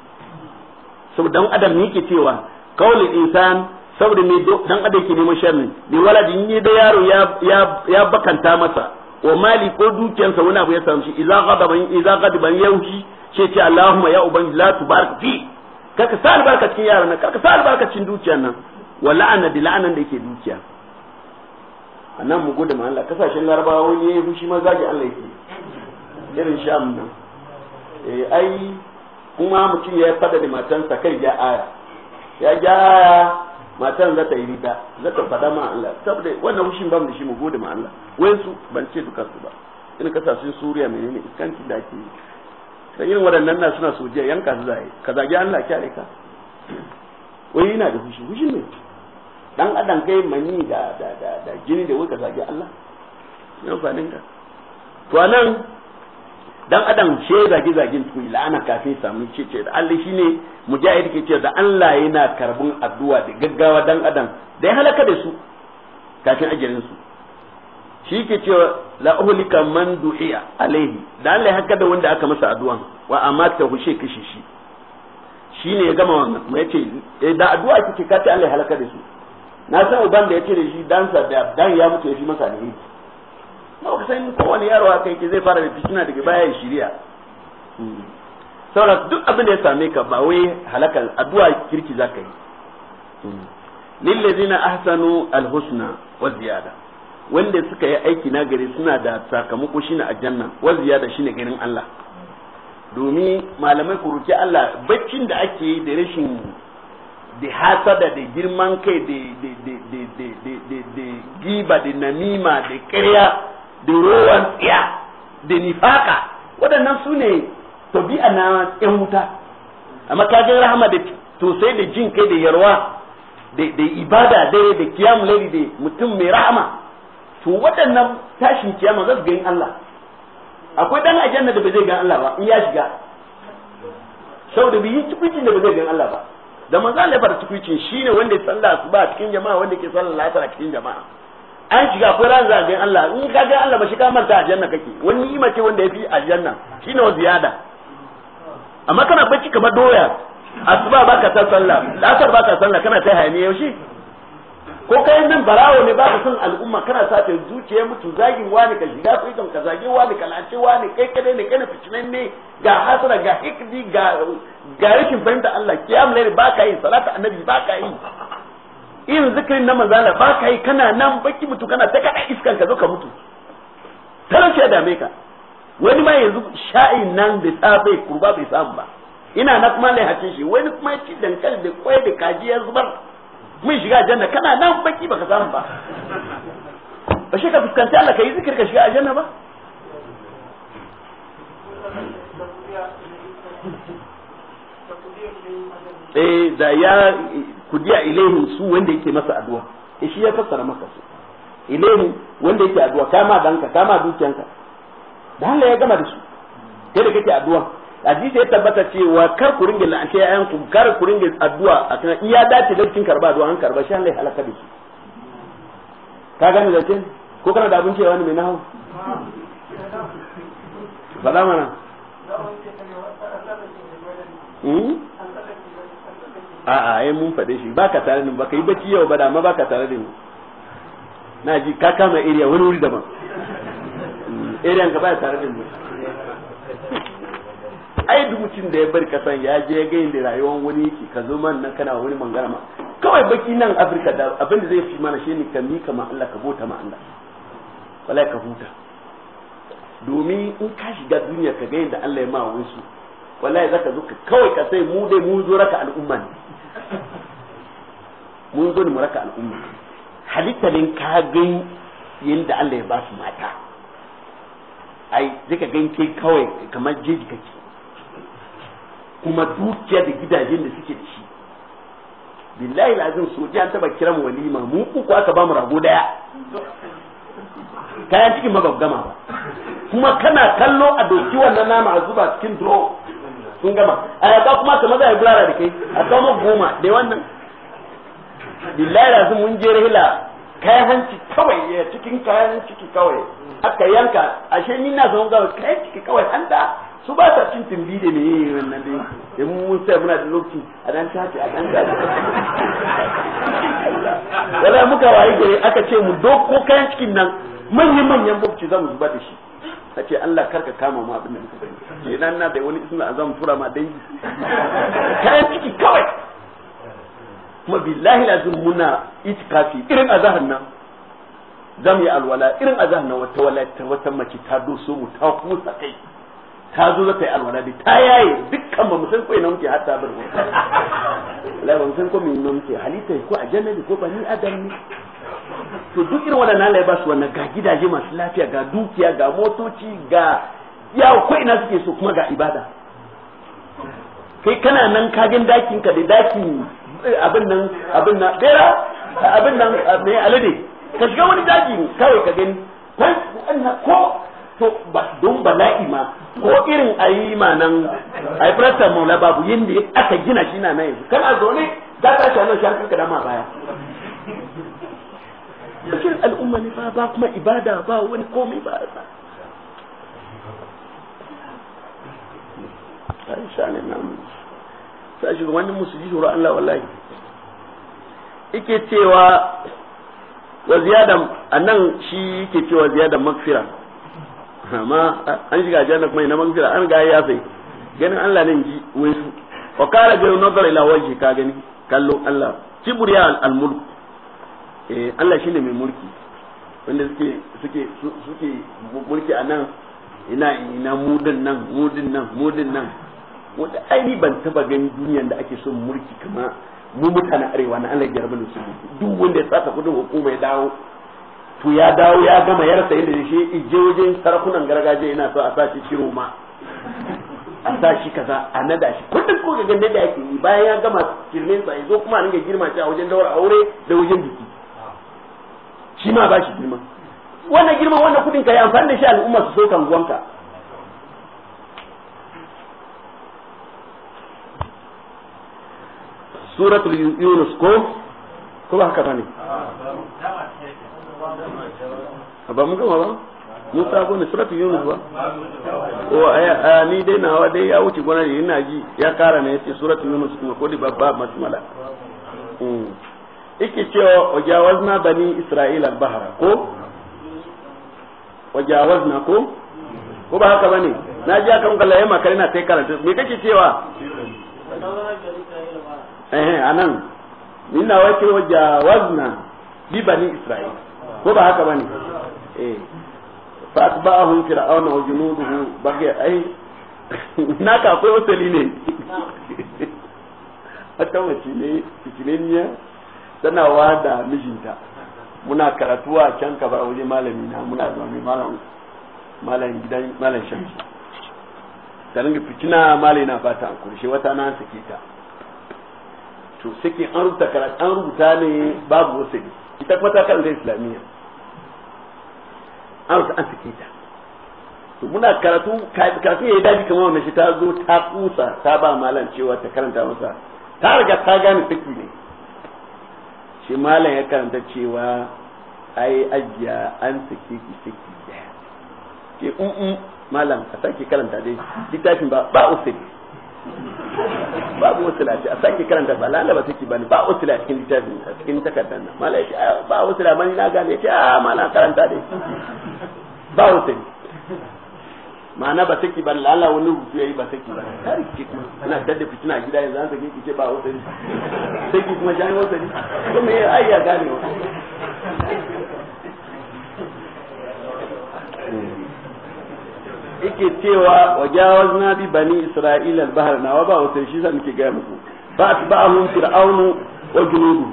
saboda adam ne yake cewa qaulul insan saboda me dan adam ke neman sharri bi waladi in da yaro ya ya bakanta masa wa mali ko dukiyansa wani abu ya samu shi idza ghadaba idza ghadaba yaushi ce ce Allahumma ya ubangi la tubarak fi kaka sa albarka cikin yaran nan kaka sa albarka cikin dukiyan nan wa la'ana bi la'anan da yake dukiya anan mu gode ma Allah kasashen larabawa wani yayi fushi ma zagi Allah yake irin sham nan eh ai kuma mutum ya fada da matansa kai ya aya ya ja aya matan za ta yi rida za ta fada ma Allah saboda wannan hushin bamu da shi mu gode ma Allah su ban ce duka su ba ka kasashen Suriya menene iskanci da ake yi dan irin waɗannan na suna sojiya yanka su zai ka zagi Allah kyale ka wai yana da hushi hushi ne dan adam kai mani da da da jini da wai ka zagi Allah ne amfanin ka to anan dan adam shi ya zagi zagin tukun la'ana kafin samu ce ce da Allah shine mujahid ke ce da Allah yana karbun addu'a da gaggawa dan adam da ya halaka da su kafin ajalin su shi ke ce la uhlika man du'iya alaihi da Allah haka da wanda aka masa addu'a wa amata hushe kishi shi shine ya gama wannan mai ce eh, da addu'a kike kace Allah ya halaka da su na san uban da ya ce da shi sa da dan ya mutu ya fi masa alheri ba san kowane yaro haka yake zai fara da fitina daga baya ya shirya saboda duk abin da ya same ka ba wai halakan addu'a kirki za ka yi lillazina ahsanu alhusna wa ziyada wanda suka yi aiki na gari suna da sakamako shine aljanna wa ziyada shine garin Allah domin malamai ku ruki Allah baccin da ake yi da rashin da hasada da girman kai da giba da namima da ƙarya da rowan tsiya da nifaka waɗannan su ne tabi'a na ƴan wuta amma ga rahama da tosai da jin kai da yarwa da ibada da da kiyamu lari da mutum mai rahama to waɗannan tashin kiyama za su ga Allah akwai dan ajanna da ba zai ga Allah ba in ya shiga Sau da biyu tukuncin da ba zai ga Allah ba da manzo Allah ya fara tukuncin shine wanda ya su ba cikin jama'a wanda ke sallah a cikin jama'a an shiga akwai ran zagayen Allah in ka ga Allah ba shi ka manta aljanna kake wani ni'ima ce wanda yafi aljanna shine wa ziyada amma kana bacci kamar doya asuba baka san sallah ba baka sallah kana ta hayaniya yaushe ko kai nan barawo ne baka san al'umma kana sace zuciya mutu zagin wani ka shiga sai kan ka zage wani ka lace wani kai kadai ne kana fitinan ne ga hasara ga hikdi ga ga rashin fahimta Allah kiyam ne baka yi salata annabi baka yi irin zikirin na manzala ba ka yi kana nan baki mutu kana ta kada iskan ka zo ka mutu talauci ya dame ka wani ma yanzu sha'in nan da tsafe kurba bai samu ba ina na kuma la'i laihacin shi wani kuma ci dankali da kwai da kaji ya zubar mun shiga janna kana nan baki baka samu ba ba shi ka fuskanci Allah ka yi zikir ka shiga janna ba eh da ya Ku a ilaihin su wanda yake masa addu'a e, shi ya fassara maka su ilaihi wanda yake addu'a kama danka kama dukiyanka da Allah ya gama da su kai da kake addu'a hadisi ya tabbata cewa kar ku ringe la'ance ayan ku kar ku ringe addu'a a kan iya dace da cikin karba addu'a an karba shi Allah ya halaka da shi ka gane da kin ko kana da abin cewa ne mai nahawu faɗa mana hmm? a'a ai mun faɗe shi baka tare da mu baka yi bacci yau ba da amma baka tare da mu na ji ka kama area wani wuri daban mm, area ka ba tare da mu ai mutum da ya bar kasan ya je ga inda rayuwar wani yake ka zo man nan kana wani mangara ma kawai baki nan afirka da abin da zai fi mana ka mi ka mika ma Allah ka bota ma Allah wallahi ka huta domin in ka shiga duniya ka ga inda Allah ya ma su wallahi zaka zo ka kawai ka sai mu dai mu zo raka al'umma ne mun zo da mu raka al'umma halitta ne ka gani yadda Allah ya ba su mata ai zaka gan kai kawai kamar jeji kake kuma dukiya da gidajen da suke da shi billahi lazim soja an taba kiran walima mu uku aka ba mu rago daya kayan cikin ma ba kuma kana kallo a doki wannan nama a zuba cikin draw sun gama a yaka kuma ka maza ya gulara da kai a kawo goma da wannan billahi da mun je rahila kayan hanci kawai ya cikin kayan ciki kawai aka yanka ashe ni na son gawa kayan ciki kawai an da su ba ta cin tumbi da me yayin wannan dai da mun sai muna da lokaci a dan tace a dan tace wala muka waye gari aka ce mu doko kayan cikin nan manyan manyan bukci zamu zuba da shi ta ce Allah karka kama mu abin da muka bari idan na da wani ismi azam tura ma dai kayan ciki kawai kuma billahi lazim muna itikafi irin azahar nan zamu yi alwala irin azahar nan wata wala wata mace ta doso mu ta kusa kai ta zo za ta yi alwala bi ta yaye dukkan ba mu san ko ina muke hatta bar mu la ba mu san ko me muke halitta ko a ko bani adam ne to duk irin waɗannan Allah ya ba su wannan ga gidaje masu lafiya ga dukiya ga motoci ga ya ko ina suke so kuma ga ibada kai kana nan kagin dakin ka da dakin eh, abin nan abin nan bera abin nan eh, mai alade ka shiga wani daji kawai ka gani ko to don bala'i ma ko irin ayi ma nan ai prata maula babu yanda aka gina shi na nan yanzu kana zaune za ka nan shi an kanka dama baya cikin al'umma ne ba ba kuma ibada ba wani komai ba sa insha Allah na mu sai shi wannan musulmi shuru Allah wallahi ike cewa wa ziyada annan shi yake cewa ziyada magfira amma an shiga jana kuma ina magfira an ga ya sai ganin Allah nan ji wai wa kala bi nazar ila wajhi ka gani kallo Allah kibriya al mulk eh Allah shine mai mulki wanda suke suke suke mulki a nan ina ina mudin nan mudin nan mudin nan wanda aini ban taba ganin duniyar da ake son mulki kama mu mutane arewa na Allah ya rabu su duk wanda ya saka kudin hukuma ya dawo to ya dawo ya gama ya rasa inda shi ije wajen sarakunan gargajiya ina so a sashi ciro ma a sashi kaza a nada shi kullum ko ga ganda da yake bayan ya gama kirmin sa yazo kuma a ga girma shi a wajen daura aure da wajen biki shi ma ba shi girma wannan girma wannan kudin ka yi amfani da shi al'umma su so kan suratul yunus ko ko ba haka bane ba mun gama ba mun sabo ne suratul yunus ba ko aya ni dai nawa dai ya wuce gona ne ina ji ya kara ne yace suratul yunus kuma ko ba babba masmala mm yake cewa wajawazna bani isra'il al-bahra ko wajawazna ko ko ba haka bane na ji mun kallaye makare na sai karanta me kake cewa eh anan minna wake wajawazna bi bani isra'il ko ba haka bane eh fa atba'ahum fir'auna wa junuduhu bagai ai (laughs) naka akwai wasali ne (laughs) a tawaci ne fitiliniya tana wada mijinta muna karatuwa can ka kabar waje malami na muna mai malam malam gidan malam shamsi ta ringa fitina malai na fata an kurshe wata na sake ta to sake an rubuta karatu an rubuta ne babu ne ita kuma ta kan da islamiyya an rubuta an sake ta to muna karatu karatu ya yi daji kamar wannan shi ta zo ta kusa ta ba malam cewa ta karanta masa ta riga ta gane saki ne shi malam ya karanta cewa ai ajiya an saki ki saki daya ke un'un malam a sake karanta dai littafin ba ba usul babu a ce a sake karanta ba lalaba take bane ba usul a cikin littafin a cikin takardar nan ya ce ba a mani na gane ce a ah, malam karanta dai ba usul ma'ana ba saki ba lala wani rubutu yayi ba saki ba kare ki kuma ina dadda fitina gida yanzu an sake ki ce ba wasari saki kuma shi wata ne to me ai ya gane wa yake cewa na bi bani isra'ila al-bahr na wa ba wata shi zan ke ga muku ba atba'ahum fir'aunu wa junudu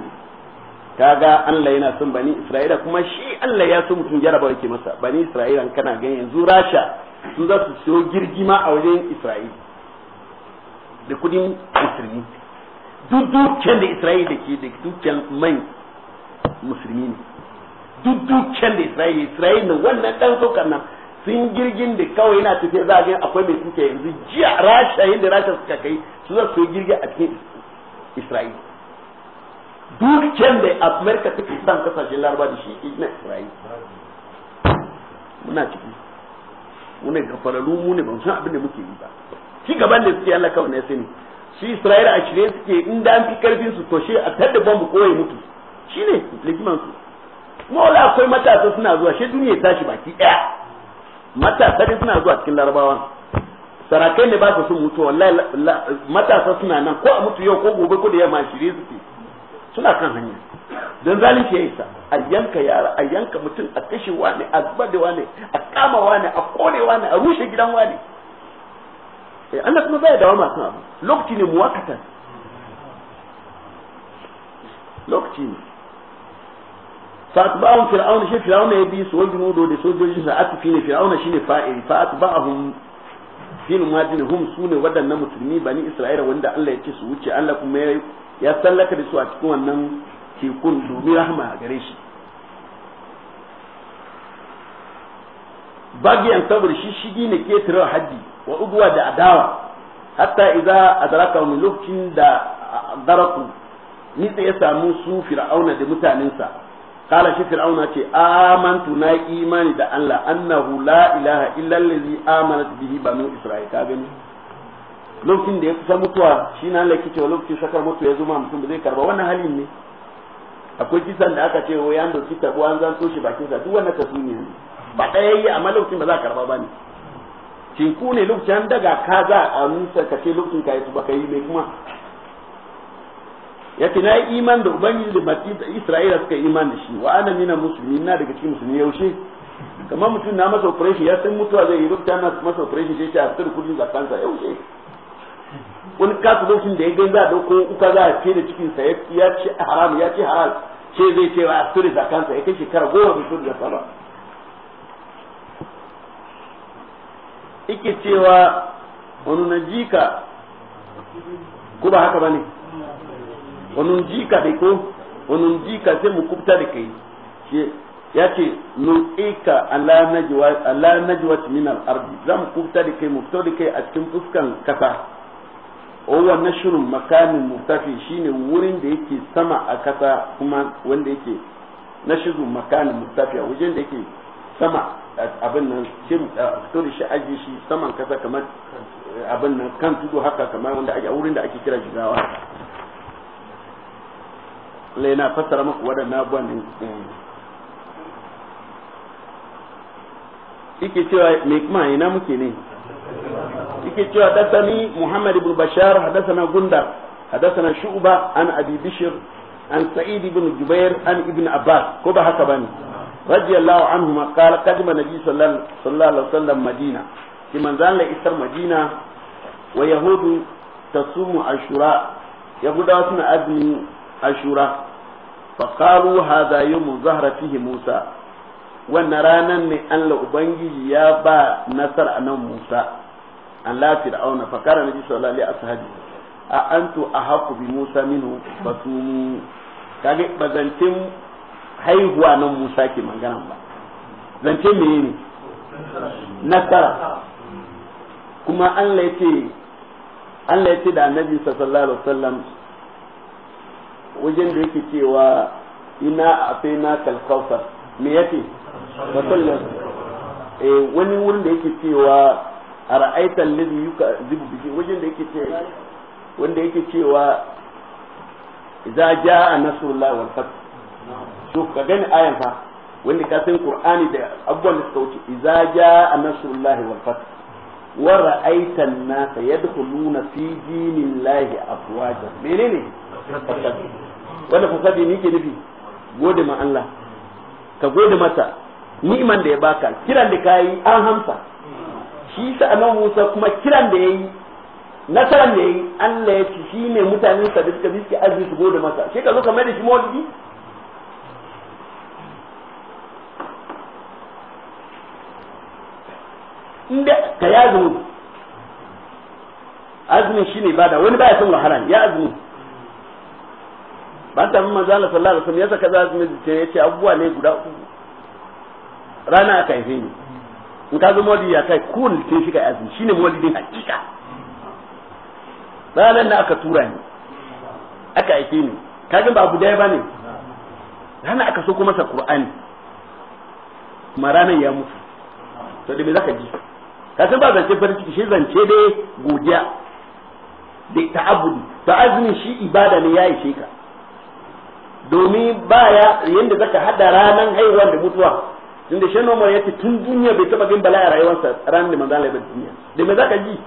kaga Allah yana son bani Isra'ila kuma shi Allah ya so mutum jarabar ke masa bani Isra'ila kana ganin yanzu Rasha su za su siyo girgima a wajen isra'il da kudin musulmi duk dukiyar da isra'il da ke da dukiyar man musulmi ne duk dukiyar da isra'il isra'il na wannan dan sokar nan sun girgin da kawai yana tafiya za a ga akwai mai suke yanzu jiya rasha yadda rasha suka kai su za su girgi a cikin isra'il dukiyar da amerika take san kasashen laraba da shi na isra'il muna ciki mu ne gafalalu mu ne ban san abin da muke yi ba shi gaban da suke Allah kawai ne sai sani shi Isra'ila a shirye suke in da an fi karfin su to shi a tadda bombu koyi mutu shine likiman su wala akwai matasa suna zuwa shi duniya tashi baki daya matasa da suna zuwa cikin larabawa sarakai ne ba su sun mutu wallahi matasa suna nan ko a mutu yau ko gobe ko da yamma shirye suke suna kan hanya don zalunci ya isa a yanka yara a yanka mutum a kashe wani a zubar da wani a kama wani a kore wani a rushe gidan wani eh Allah kuma bai da masu abu lokaci ne muwakatan lokaci ne fatba'un fir'aun shi fir'aun ya bi su wajen hudu da sojojin sa aka fi ne fir'aun shi ne fa'iri fatba'un fil madin hum sune wadannan musulmi bani isra'ila wanda Allah ya ce su wuce Allah kuma ya sallaka da su a cikin wannan kun domin rahama a gare shi bagiyan tabar shi shigi ne ketare haddi wa udwa da adawa hatta idza adraka min lokacin da daraku nitsa ya samu su fir'auna da mutanensa kala shi fir'auna ce amantu na imani da Allah annahu la ilaha illa allazi amanat bihi banu isra'il ka gani lokacin da ya kusa mutuwa shi na Allah yake lokacin sakar mutuwa ya zo ma mutum ba zai karba wannan halin ne akwai kisan da aka ce wai an dauki tabuwa an zanto shi bakin sa duk wannan tasmini ne ba ɗaya yi amma lokacin ba za karba ba ne ku ne lokacin daga ka za a musa ka ce lokacin ka yi su baka yi mai kuma ya ce na yi iman da ubangiji da masu isra'ila suka yi iman da shi wa ana nina musulmi na daga cikin musulmi yaushe kamar mutum na masa operation ya san mutuwa zai yi lokacin na masa operation shi ce a fitar kudin zakansa yaushe wani kasu lokacin da ya gani za a dauko uka za a ce da cikin sa ya ce haram ya ce haram ce zai ce asiri turi kansa ya kai shekara goma bai turi zaka ike cewa wani na jika ko ba haka ba ne wani jika da ko wani jika sai mu kubta da kai ya ce nutsika ala najwa min al-ardi mu kubta da kai mu fito da kai a cikin fuskan kasa owa nashrun makamin murtafi shine wurin da yake sama a kasa kuma wanda yake nashrun makamin murtafi wajen da yake sama abin nan shin fito shi aji shi saman kasa kamar abin nan kan tudu haka kamar wanda ake wurin da ake kira jigawa Allah yana fassara maka waɗannan abubuwan din yake cewa me kuma ina muke ne yake cewa hadathani Muhammad bin Bashar hadathana Gundar hadathana Shu'ba an Abi Bishr an Sa'id ibn Jubair an Ibn Abbas ko ba haka bane radiyallahu anhuma qala qadima nabi sallallahu alaihi wasallam Madina ki manzan la Madina wa yahudu tasumu ashura yahudawa suna azumi ashura fa qalu hadha fihi Musa wannan ranar ne Allah Ubangiji ya ba nasar a nan Musa Allah fir'auna fa kana nabi sallallahu alaihi ashabi a antu ahaku bi Musa minhu fasumu kage bazancin haihuwa nan Musa ke magana ba zance na nasara kuma Allah yace Allah laifi da annabi sallallahu alaihi wasallam wajen da yake cewa ina a sai na kalkausar me yake eh, wani wurin da yake cewa a ra'aitar lizi yuka zibu biki wajen da yake ce wanda yake cewa za ja a nasrullah wal fath to ka gani ayan fa wanda ka san qur'ani da abubuwan da suka wuce idza jaa nasrullah wal fath wa ra'aita an-nasa yadkhuluna fi dinillahi afwaja menene wanda fasadi ni ke nufi gode ma Allah ka gode masa ni'iman da ya baka kiran da kayi an hamsa shi sa annabi Musa kuma kiran da yayi nasaran da yayi Allah ya ci shi ne mutanen sa da suka bi suke azumi su gode masa sai ka zo ka mai da shi maulidi inda ka ya azumi shi shine ibada wani baya son wahala ya azumi ban ta manzo Allah sallallahu alaihi wasallam ya saka azumi ce ce abubuwa ne guda uku rana aka yi ne in ka zo maulidi ya kai kowane litin shi ka azumi shine maulidin hakika ranar na aka tura ni aka aike ni ka ba abu daya ba ne ranar aka so kuma sa qur'ani kuma ranar ya mutu to da me zaka ji ka san ba zance farin ciki shi zance dai godiya da ta'abbudi ta azumi shi ibada ne ya ishe ka domin baya yadda zaka hada ranar haihuwa da mutuwa inda shi Umar ce tun duniya bai taba gin yi rayuwarsa ran da manzo Allah ya duniya da me zaka ji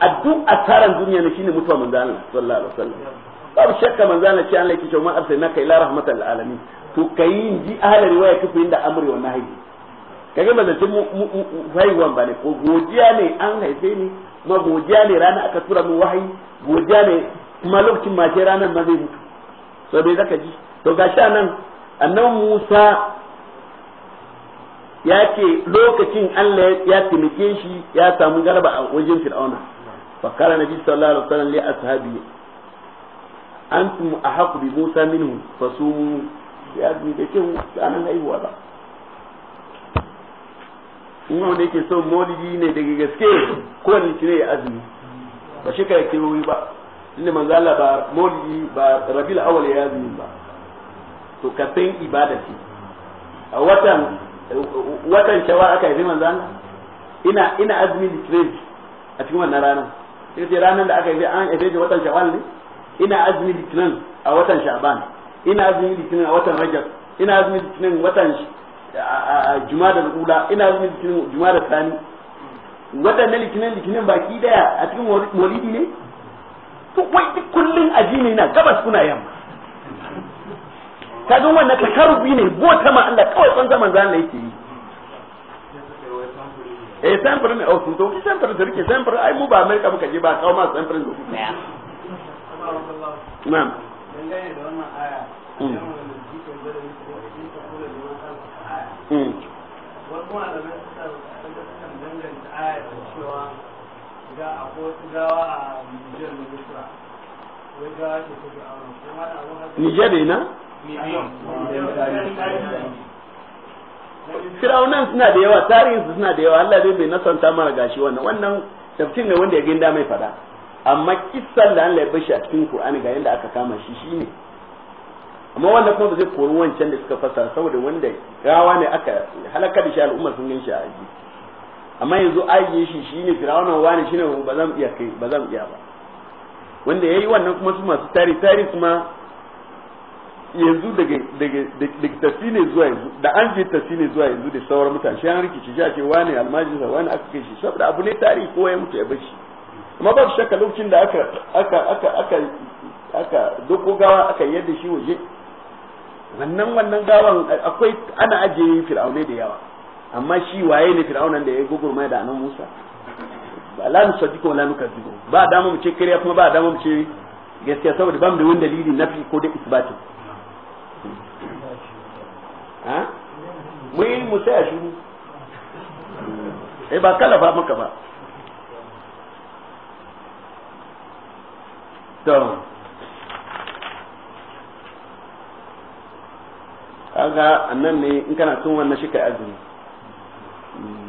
a duk asaran duniya ne shine mutuwa manzo Allah sallallahu alaihi wasallam babu shakka manzo Allah ce Allah yake cewa ma arsalnaka ila rahmatan lil alamin to kai ji ahli riwaya kufi inda amri wa nahyi kage ba zace mu ba ne ko godiya ne an haife ni kuma godiya ne rana aka tura mu wahayi godiya ne kuma lokacin mace ranar ma zai mutu so bai zaka ji to gashi nan annan musa ya ce lokacin allah ya taimake shi ya samu garba a wajen fir'auna fakara na bisa Allah alaihi wasallam li ashabi antum ahaqu bi musa minhu fasumu ya bi da kin sanan aiwa ba mu ne ke son maulidi ne daga gaske ko ne kire ya azumi ba shi kai kiroyi ba inda manzo Allah ba maulidi ba rabiul awwal ya azumi ba to ka san ibadati a watan watan cewa aka yi manzan ina ina azumi litrin a cikin wannan ranar sai ce ranar da aka yi an yi da watan shawal ne ina azumi litrin a watan sha'ban ina azumi litrin a watan rajab ina azumi litrin watan juma'a da ula ina azumi litrin juma'a da sani waɗannan litinin litinin baki daya a cikin maulidi ne to wai duk kullun aji ne na gabas kuna yamma ka zo wannan tasarrufi ne ta ma Allah kawai san zaman zan yake yi eh samfur ne oh sun to ki samfur da rike samfur ai mu ba America muka je ba kawai ma samfur ne na'am da hmm. hmm. Nijar ne na fir'aunan suna da yawa su suna da yawa Allah dai bai nasanta mana gashi wannan wannan tafsir ne wanda ya gani mai fada amma kissan da Allah ya bashi a cikin Qur'ani ga yanda aka kama shi shine amma wannan kuma ba zai kori wancan da suka fasa saboda wanda gawa ne aka halaka da shi al'umma sun gan shi a aji amma yanzu ajiye shi shine fir'aunan wani shine ba zan iya kai ba zan iya ba wanda yayi wannan kuma su masu tarihi tarihi kuma yanzu daga tafi ne zuwa yanzu da an je tafi ne zuwa yanzu da sauran mutane shi an rikici shi ake wani sa wani aka kai shi saboda abu ne tarihi kowa ya mutu ya bar shi amma ba shakka lokacin da aka aka aka aka aka doko gawa aka yadda shi waje wannan wannan gawan akwai ana ajiye fir'aunai da yawa amma shi waye ne fir'aunan da ya gugurma da anan Musa ba la nusaddiqu la nukazzibu ba dama mu ce kariya kuma ba dama mu ce gaskiya saboda bamu da wani dalili nafi ko da isbatin mu yi mu saya shuru eh, ba kalafa maka ba to kaga annan ne in kana tun wannan shi ka azumi hmm.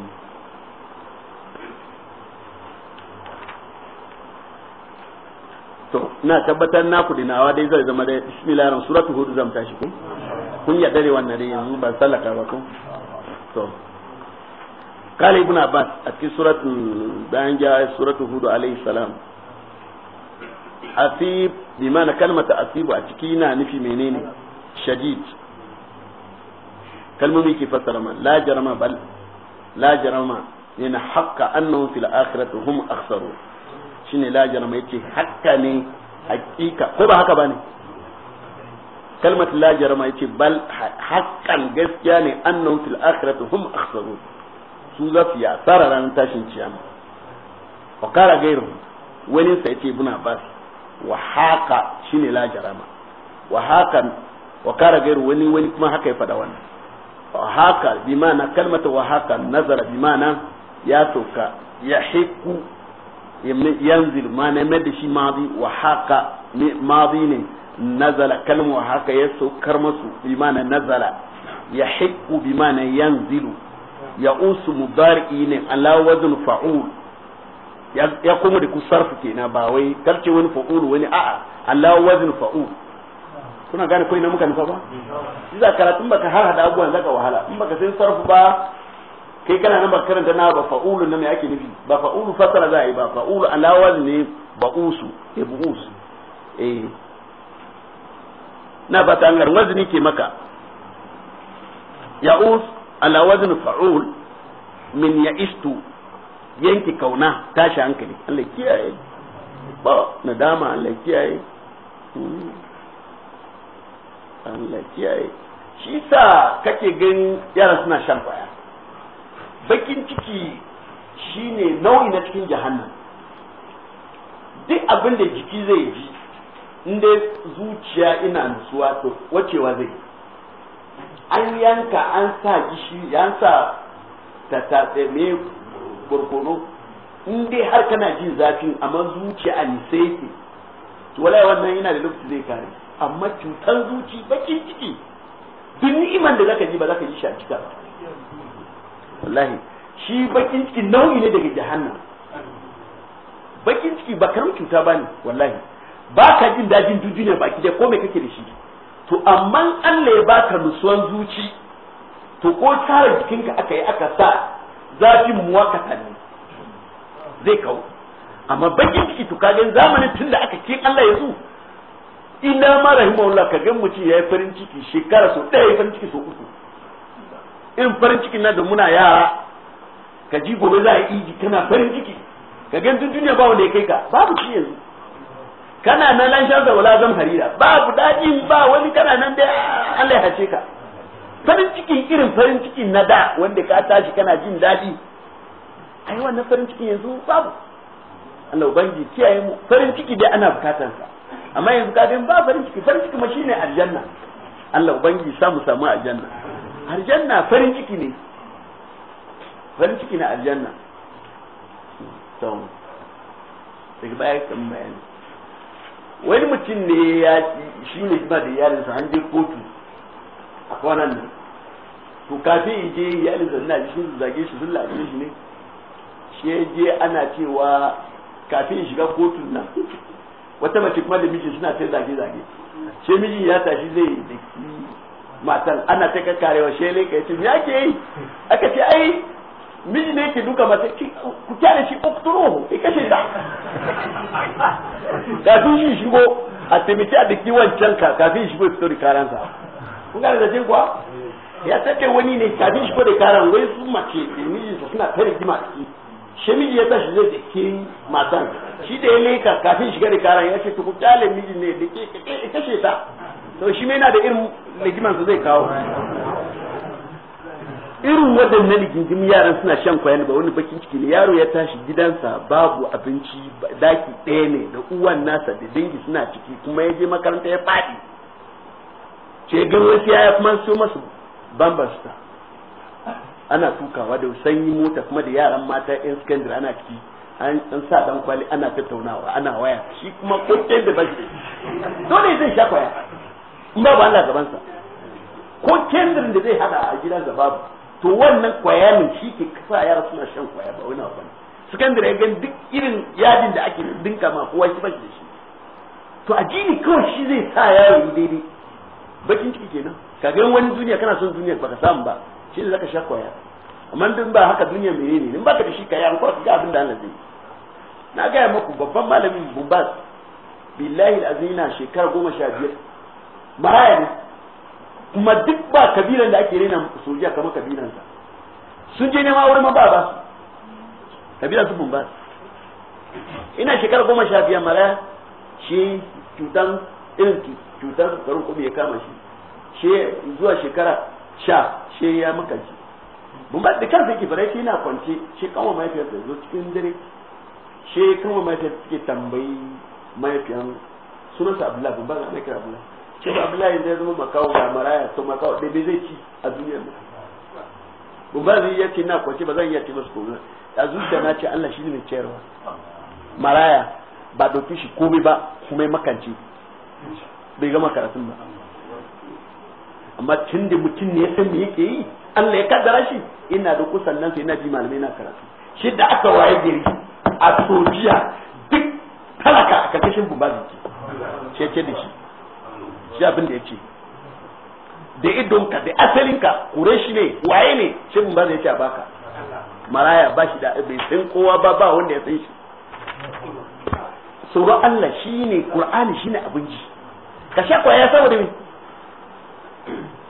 to na tabbatar naku da nawa dai zai zama dai bismillahir suratu hud zam tashi ku kun ya dare wannan dai yanzu ban sallaka ba kun to Abbas ابن عباس في سورة بانجا سورة هود عليه السلام asib bi maana kalmata asibu a ciki na nufi menene shadid kalmomi ke fassara man la jarama bal la jarama yana haqqa annahum fil akhirati hum akhsaru shine la jarama yace hakka ne hakika ko ba haka bane kalmat la jarama yace bal haqqan gaskiya ne annahum fil akhirati hum akhsarun su za su yasara ranar tashin ciyama wa kara gairu wani sai yace buna ba wa haka shine la jarama wa haka wa kara gairu wani wani kuma haka ya faɗa wannan wa haka bi ma'ana kalmata wa haka nazara bi ma'ana ya toka ya hiku yanzil ma na mai da shi wa haka madi ne nazala kalma wa haka ya saukar masu bi mana nazala ya hikku bi mana yanzilu ya usu mudari ne ala wazn fa'ul ya kuma da kusarfu kenan ba wai karce wani fa'ul wani a'a ala wazn fa'ul kuna gane kai na muka nufa ba? Iza karatun baka har hada abubuwan zaka wahala n baka san sarfu ba kai kana nan ba karanta na ba fa'ulu nan me ake nufi ba fa'ulu fasara za a yi ba fa'ulu alawal ne ba'usu e bu'us eh na ba tangar wazni ke maka ya'us ala wazni fa'ul min ya'istu yanki kauna tashi hankali Allah kiyaye ba nadama Allah kiyaye hmm. Allah kiyaye shi sa kake gani yara suna shan kwaya bakin ciki shine nau'i na cikin jahannan duk abin da jiki zai ji inda zuciya ina nutsuwa to wacewa zai an yanka an sa gishi an sa ta me gurguru in inda har kana jin zafin amma zuciya a nisai ke to wala wannan yana da lokaci zai kare amma cutan zuci bakin ciki duk ni'imar da zaka ji ba zaka ji shi a cika ba wallahi shi bakin ciki nau'i ne daga jahannam bakin ciki ba karam cuta ne wallahi ba ka jin dajin ba baki da komai kake da shi to amma Allah ya baka nutsuwan zuci to ko tsara jikinka aka yi aka sa zafin muwakata ne zai kawo amma bakin ciki to zamani zamanin da aka ke Allah ya zo ina ma rahimahullah ka ga yayi farin ciki shekara sau ɗaya farin ciki so uku irin farin cikin na da muna yara ka ji gobe za a iji kana farin ciki ka gantun duniya ba wanda ya kai ka babu shi yanzu kana nan lanshar da wala zan harira babu daji ba wani kana nan dai Allah ya hace ka farin cikin irin farin ciki na da wanda ka tashi kana jin daɗi ai wannan farin cikin yanzu babu Allah ubangi kiyaye mu farin ciki dai ana bukatar sa amma yanzu ka ba farin ciki farin ciki ma shine aljanna Allah ubangi sa mu samu aljanna aljanna farin ciki ne farin ciki na aljanna to daga baya kan bayani wani mutum ne ya shi ne ba da iyalinsa an je kotu a kwanan nan to kafin in je iyalinsa na ji shi zage shi sun lafiya shi ne shi ya je ana cewa kafin in shiga kotun nan wata mace kuma da miji suna ta zage zage shi miji ya tashi zai da matan ana ta kakkarewa shele ka yace ya ke yi aka ce ai miji ne yake duka mata ku kyale shi ukturuhu ya kashe ta su shi shigo a temiti a daki wancan ka kafin shigo fito da karansa kun da jin kuwa ya take wani ne kafin shigo da karan wai su mace da mijinsa suna ta rigima ki shi miji ya tashi zai dake matan shi da ya leka kafin shiga da karan ya ce ku kyale miji ne da ke kashe ta to shi mai na da irin su zai kawo irin waɗannan rigingimin yaran suna shan kwaya ba wani bakin ciki ne yaro ya tashi gidansa babu abinci daki ɗaya ne da uwan nasa da dangi suna ciki kuma ya je makaranta ya faɗi ce gan wasu kuma so masu bambasta ana tukawa da sanyi mota kuma da yaran mata yan sakandare ana ciki an sa dan kwali ana tattaunawa ana waya shi kuma kokken da bashi dole zai sha kwaya in babu Allah gabansa ko kendirin da zai hada a gida da babu to wannan kwayanin shi ke kasa yara suna shan kwaya ba wani abu sakandare ya gan duk irin yadin da ake dinka ma kowa shi bashi da shi to jini kawai shi zai sa yaro yi daidai bakin ciki kenan ka ga wani duniya kana son duniya baka samu ba shi ne zaka sha kwaya amma din ba haka duniya mai ne in baka da shi yi an kwara ga abin da Allah zai na gaya muku babban malamin Bumbas billahi alazina shekara goma sha biyar maraya ne kuma duk ba kabilan da ake rena sojiya kamar kabilansa sun je nema wurin ma ba ba su kabilan su ba ina shekara goma sha biyar maraya shi cutan irin cutan sukarin kuma ya kama shi shi zuwa shekara sha shi ya makanci mun ba da kansa yake fara shi yana kwance she kama mahaifiyarsa zo cikin dare shi kama mahaifiyarsa suke tambayi mahaifiyan sunansa abdullahi ban ba za a kira abdullahi shi da abdullahi zai zama makawo ga maraya to makawo da bai zai ci a duniyar nan ba ya ce na kwace ba zan iya ce masu komai a zuciya na ce Allah shi ne mai ciyarwa maraya ba dauki shi komai ba kuma makanci bai gama karatun ba amma tun da mutum ne ya san me yake yi Allah ya kaddara shi ina da kusan nan sai ina ji malamai na karatu shi da aka waye gari a sojiya duk talaka a karkashin bubazi ce ce da shi ji abin da ya ce da idonka da asalinka kure shi ne waye ne shi ba zai ce a baka maraya ba shi da bai san kowa ba ba wanda ya san shi tsoron Allah shi ne Qur'ani shi ne abinci ka sha ya saboda me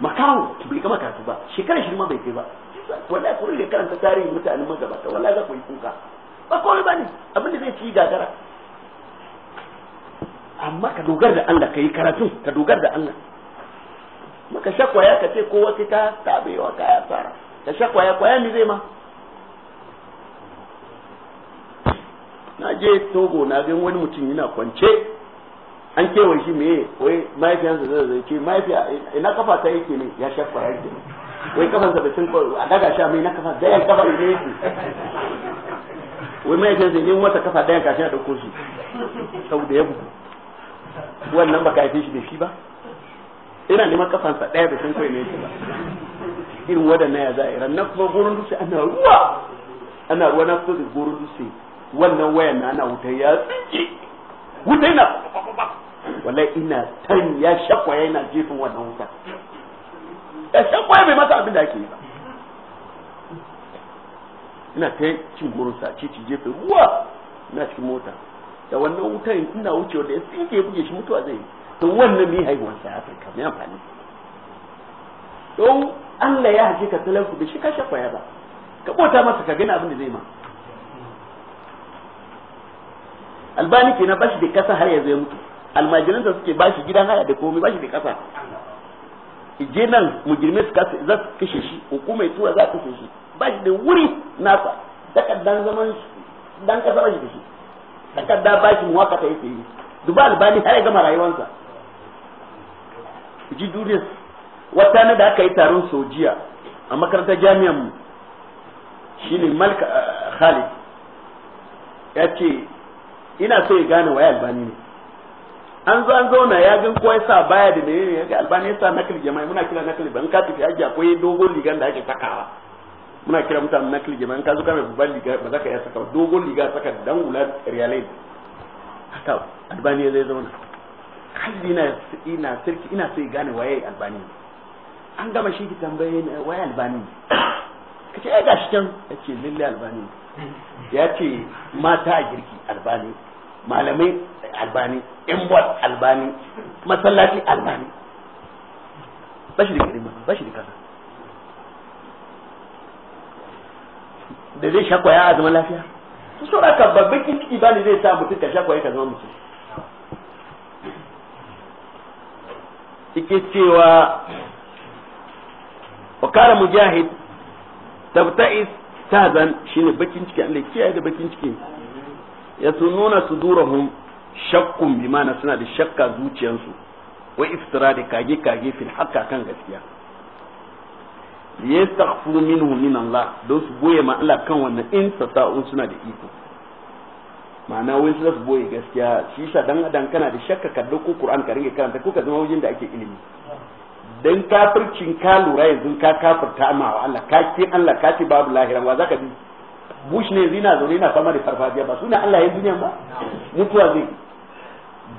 makaro bai gama karatu ba shekara shi ma bai kai ba wallahi kullu da karanta tarihi mutanen magabata wallahi za ku yi kuka ba kawai ba ne abin da zai ci gagara amma ka dogar da Allah ka yi karatu ka dogar da Allah maka shakwaya kwaya ka ce kowa sai ka wa ka tsara ka sha kwaya kwaya ne zai ma na je togo na ga wani mutum yana kwance an kewa shi me wai mahaifiyansa zai zai ce mahaifiya ina kafa ta yake ne ya sha kwaya ke wai kafansa bai sun kwaro a daga sha mai na kafa yan kafa ne yake wai mahaifiyansa yin wata kafa yan kashi a ɗauko shi da ya bugu wannan baka haife shi da shi ba ina neman kafansa ɗaya da sun kai ne shi ba irin waɗannan ya za'a ran na kuma gurin dutse ana ruwa ana ruwa na kuma gurin dutse wannan wayan na ana wuta ya tsinke wuta yana wallahi ina tan ya shakwa yana jefin wannan wuta ya shakwaya bai masa abin da ake yi ba ina ta cin gurin sa ce ci jefe ruwa na cikin mota da wannan wutan ina wucewa da ya tsinke buge shi mutuwa zai to wannan ne haihuwar sa Afirka mai amfani don Allah ya hake ka su da shi ka shafa ya ba ka bota masa ka gani abin da zai ma albani kenan bashi da kasa har ya zai mutu almajiran da suke bashi gidan haya da komai bashi da kasa Ije nan mujirmai su kasa za su kashe shi hukumai tura za su kashe shi bashi da wuri nasa takardan zaman dan kasa bashi da shi ba shi muwaka ta yake yi duba albani har ya gama rayuwarsa ji duris wata ne da aka yi taron sojiya a makarantar jami'an mu shine malka eh, khalid ya ce ina so ya gane waye albani ne an zo an zauna ya gan kowa sa baya da ne ya ga albani ya sa nakali jama'a muna kira nakali ban ka tafi aji akwai dogon ligan da ake takawa muna kira mutane na kili jama'an ka zo kana babban liga ba za ka iya saka dogon liga saka dan wula riyalai haka albaniya zai zauna kalli ina ina sarki ina sai gane waye albaniya an gama shi ki tambaye waye albani kace ai gashi can yace lalle albaniya ya ce mata a girki albani malamai albani yan bot albani masallaci albani bashi da kirma bashi da kasa da zai shakwaya a zaman lafiya to so ka babban ciki ba ne zai sa mutum ka shakwaya ka zama mutum ike cewa wakara mujahid tabta'is tazan shine bakin ciki Allah kiyaye da bakin ciki ya sununa sudurahum shakkun bi suna da shakka zuciyarsu wa iftira da kage kage fil hakka kan gaskiya yastaghfu minhu min Allah don su boye ma Allah kan wannan in sasa'un suna da iko ma'ana wai su su boye gaskiya shi sa dan adam kana da shakka ka dauko Qur'an ka ringa karanta ko ka zama wajin da ake ilimi dan kafircin ka lura yanzu ka kafirta ma wa Allah ka ce Allah ka ce babu lahira wa zaka bi Bush ne zina zo ne na fama da farfajiya ba suna Allah ya duniya ba mutuwa zai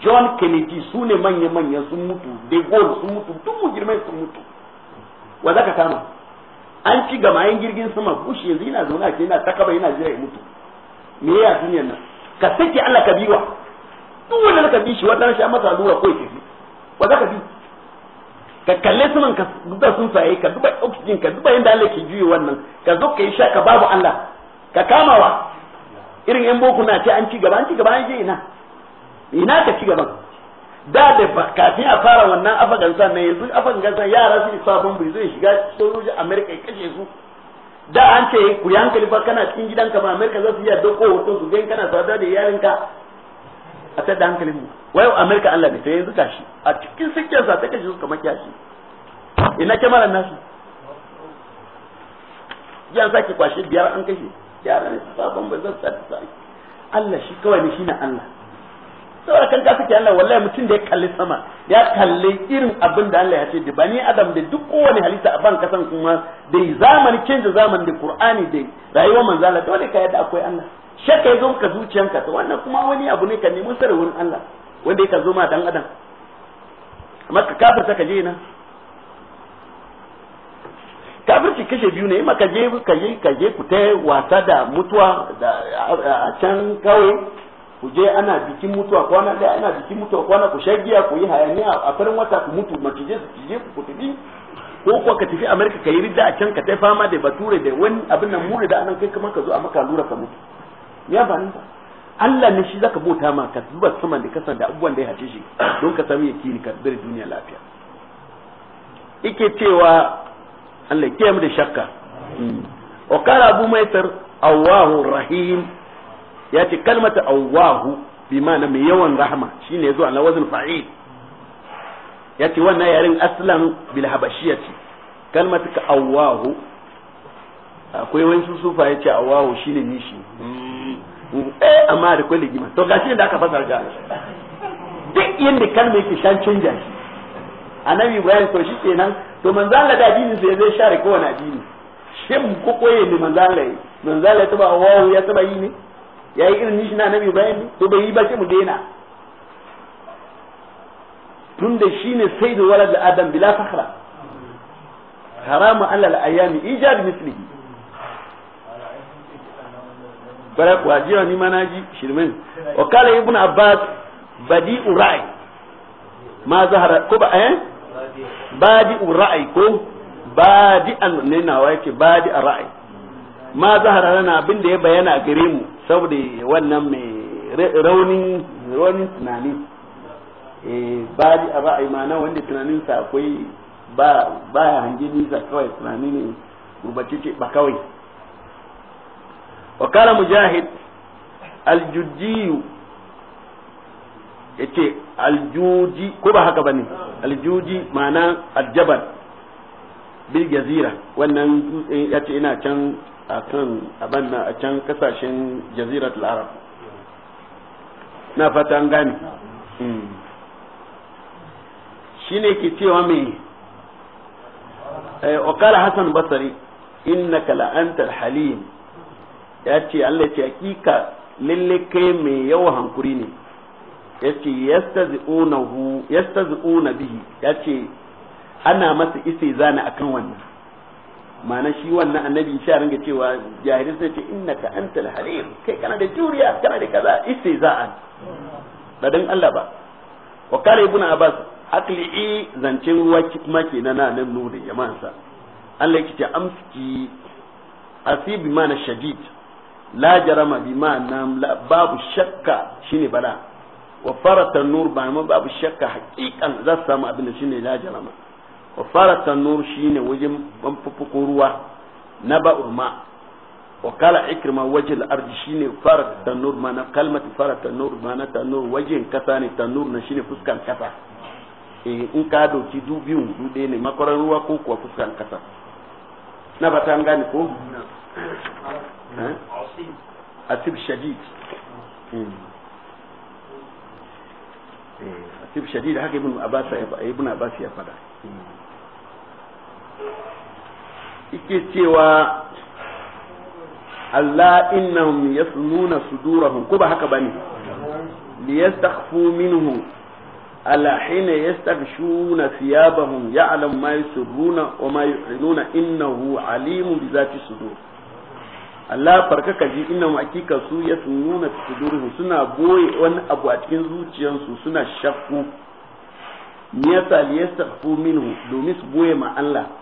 John Kennedy su ne manya-manyan sun mutu, De Gaulle sun mutu, duk mu girmai sun mutu. Wa za kama? an ci gamayen jirgin sama bush yanzu yana zaune a yana kaba yana jira ya mutu me ya duniyar nan ka sake Allah ka biwa duk wanda ka bi shi wata rashin masa allura ko ya tafi wa za ka bi ka kalle saman ka duba tsuntsaye ka duba oxygen ka duba yanda Allah ke juye wannan ka zo ka yi sha ka babu Allah ka kamawa irin yan boko na ce an ci gaba an ci gaba an je ina ina ka ci gaban da da kafin a fara wannan afganistan ne yanzu afganistan yara su isa bombi zai shiga sojojin amerika ya kashe su da an ce ku yi hankali fa kana cikin gidanka ba amerika za su iya doko hoton su gani kana sada da iyalinka a da hankali mu wai amerika allah ne sai yanzu kashi a cikin sikin sa ta kashe su kamar kyashi ina kyamarar nasu yan sake kwashe biyar an kashe yara ne su sa bombi za su sa Allah shi kawai ne shi ne Allah saboda kan ka suke Allah wallahi mutum da ya kalli sama ya kalli irin abin da Allah ya ce da bani adam da duk kowane halitta a ban kasan kuma da zamani canza zamani da Qur'ani da rayuwar manzo Allah dole ka yadda akwai Allah shakka ya zo ka zuciyanka to wannan kuma wani abu ne ka nemi sirrin Allah wanda yake zo ma dan adam amma ka kafir ka je na kafirci kashe biyu ne maka je ka je ka je ku ta wasa da mutuwa da a can kawai ku je ana bikin mutuwa kwana ɗaya ana bikin mutuwa kwana ku shagiya ku yi hayaniya a farin wata ku mutu macije su cije ku ku tafi ko kuwa ka tafi amerika ka yi ridda a can ka ta fama da bature da wani abin nan mure da anan kai kamar ka zo a maka lura ka mutu ya ba ba Allah ne shi zaka bota ma ka zuba sama da kasan da abubuwan da ya hace don ka sami yakini ka bar duniya lafiya yake cewa Allah ya kiyaye mu da shakka hmm. wa qala abu rahim ya ce kalmata awwahu bi ma'ana mai yawan rahama shine yazo ala wazn fa'il ya ce wannan yaren aslan bil habashiyati kalmata ka awwahu akwai wani sufa ya ce awwahu shine nishi eh amma da kwai gima to gashi da aka fasar ga duk yanda kalma yake shan canja shi annabi ibrahim to shi kenan to manzo Allah da addinin sai zai share na addini shin ko koye ne manzo Allah manzo Allah ya taba wawu ya taba yi ne ya yi irin nishi na nabi bayan ne to bai yi ba ce mu daina tun da shi ne sai da da adam bila fakhra haramu alal ayami ijad mislihi bara kuwa jiya ni mana ji shirmin wa kala ibn abbas badi urai ma zahara ko ba eh badi urai ko badi an ne nawa yake badi ra'i ma zahara lana abin da ya bayana gare mu saboda wannan mai raunin raunin tunani eh, ba a ba a imana wanda sa akwai ba ya hange nisa kawai tunani ne ce ba kawai wakala mujahid aljuji yace ce aljuji ko ba haka ba ne aljuji ma'ana aljabal bil jazira wannan ya ce ina can a kan abin a can kasashen jazirat arab na fata an gane hmm. shi ne ke cewa mai eh, wakala hassan basari innaka la'antar halim ya ce allah ce hakika lalle kai mai yawa hankuri ne ya ce yastazi'una bihi ya ana masa isi zana akan wannan ma'ana shi wannan annabi sha ringa cewa jahilin sai ce innaka antal halim kai kana da juriya kana da kaza istiza'an da dan Allah ba wa kare ibnu abbas akli'i zancen ruwa kuma kenan na nan nuna sa Allah yake ce amski asib mana shadid la jarama bi ma'ana babu shakka shine bala wa farata nur ba babu shakka hakikan za su samu abin da shine la jarama wa fara tanur shine wajen banfufuko ruwa na ba'ur ma wa kala ikrima shine fara tanur ma na fara tanur ma na tanur wajen na shine eh, in ka dauki du biyun du ne makwaran ruwa ko kuwa fuskan kasa na ba ta gane ko asib eh? shadid hmm. eh, shadid haka ya ibn abbas ya fada ike cewa Allah innahum yasnuna sudurahum ko ba haka bane yastakhfu minhum ala hina yastaghshuna thiyabahum ya'lamu ma yusirruna wa ma yu'linuna innahu alimun bi zati sudur Allah farka kaji innahum hakika su yasnuna sudurahum suna boye wani abu a cikin zuciyansu suna shakku me yasa yastakhfu minhu domin su boye ma Allah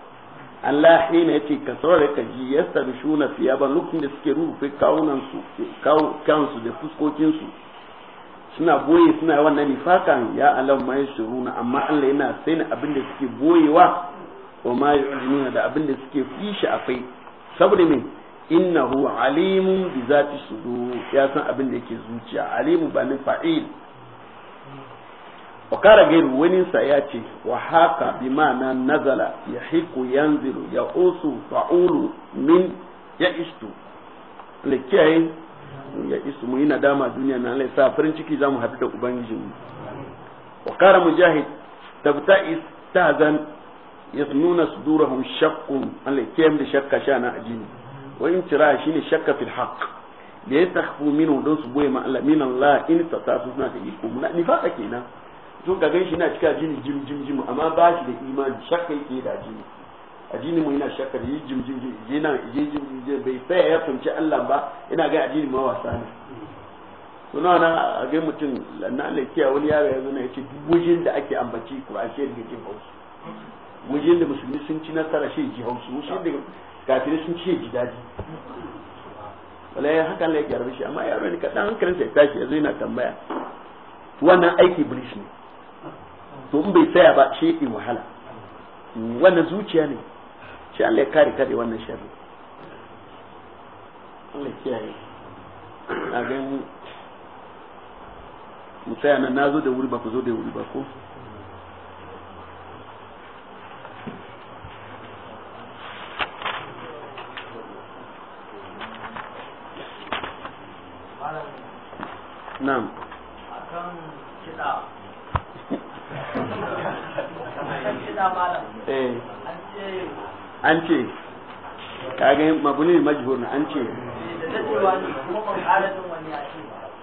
Allah hina yace ka saurare ka ji yasta da shuna fiya ba lokacin da suke rufe kawunan da fuskokinsu su suna boye suna wannan nifakan ya alam mai shuruna amma Allah yana sani abin da suke boyewa wa ma yu'linuna da abin da suke fishi afai saboda me innahu alimun bi zati sudur ya san abin da yake zuciya alimu ba ni fa'il wakara gairu wani sa ya ce wa haka bi ma'ana nazala ya hiku yanziru ya usu fa'ulu min ya istu likiyaye ya istu mu yi nadama duniya na Allah sa farin ciki zamu haɗu da mu. wakara mujahid tabta istazan yasnuna sudurahum shaqqun Allah kiyam da shakka shana ajini wa in tira shine shakka fil haqq da ya takfu minu don su boye ma Allah min Allah in ta suna da iko nifaka kenan tun ka gan shi na cika jini jim jim jim amma ba shi da imani shakka yake da jini a jini mu yana shakka da yi jim jim jim jina jim jim jim bai tsaya ya fahimci Allah ba ina ga jini ma wasa ne suna na a ga mutum na Allah kiya wani yaro ya zo na yace duk wajen da ake ambaci Qur'an sai da jin hausu wajen da musulmi sun ci nasara shi ji hausu wujin da kafiri sun ci ji daji wala ya haka Allah ya gyara shi amma yaro ne kadan hankalinsa ya tashi yanzu yana tambaya wannan aiki iblis ne to in bai tsaya ba shi yake wahala wannan zuciya ne shi Allah ya kare kare wannan sharri Allah ya kiyaye a gan mu tsaya nan na zo da wuri ba ku zo da wuri ba ko Na'am. Akan kiɗa Eh. an ce kage mabuni na an ce eh,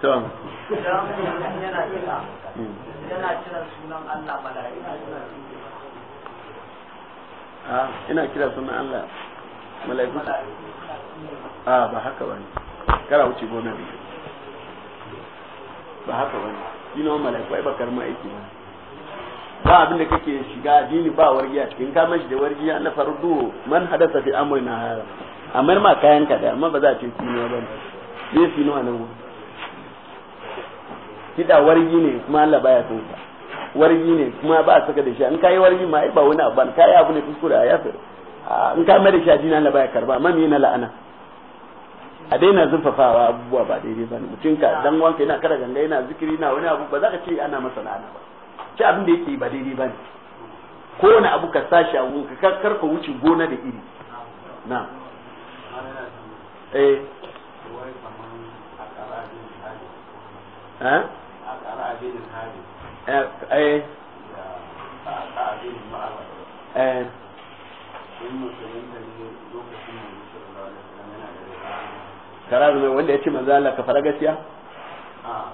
to hmm. ah, ina kira sunan Allah mala'iku a ah, ba haka ba ne kara wuce gona ne ba haka ba ne bane ina mala'iku ai bakar ma aiki ne ba abin da kake shiga addini ba wargiya cikin ka mashi da wargiya na fardu man hadasa fi amrina hada amma ma kayan ka da amma ba za a ce kino ba ne fi nawa nan kida wargi ne kuma Allah baya son sa wargi ne kuma ba a saka da shi an kai wargi ma ai ba wani abu ban kai abu ne kuskure a yafi in ka mai da shi addini Allah baya karba amma me na la'ana a daina zurfafawa abubuwa ba daidai ba ne mutum ka dan wanka yana kara ganga yana zikiri na wani abu ba za ka ce ana masa la'ana ba ci abin da yake ba daidai ba ne ko wani abu ka sashi a wunka kar ka wuce gona da iri na eh, eh, eh. eh. karazu mai wanda ya ce manzo Allah ka fara gaskiya ah.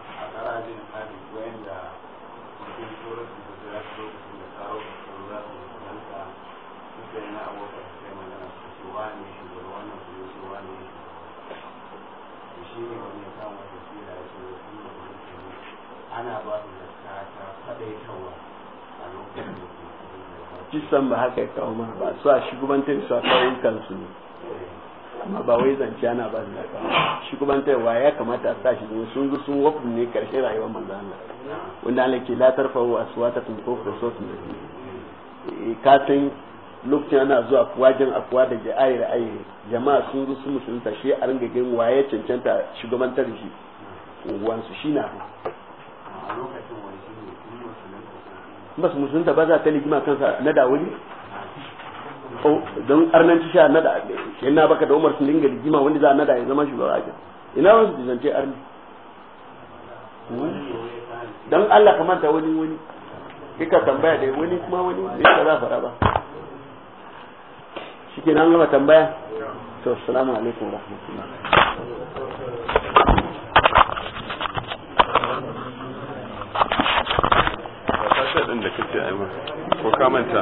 kisan ba haka ya kawo ma ba su a shugabantar su a kauyukan kansu ne amma ba wai zance ana ba da shugabantar wa ya kamata a sashi ne sun zo sun wafin ne karshen rayuwar manzo Allah wanda Allah ke la tun aswatakum fawqa sawti nabi eh, ka san lokacin ana zuwa wajen afuwa da ja'ayir ayi jama'a sun zo sun musulunta shi a ringa gin waye cancanta shugabantar shi wansu shi na a lokacin bas su musulunta ba za ta ligima kansa na dawali don arnanci sha na da na baka da umar sun dinga ligima wanda za a nada ya zama shugaba ajin ina wani su zance arni don Allah kamar manta wani wani kika tambaya da wani kuma wani ne ka za fara ba shi ke nan gama tambaya to assalamu alaikum rahmatullah din da kake ai ko ka manta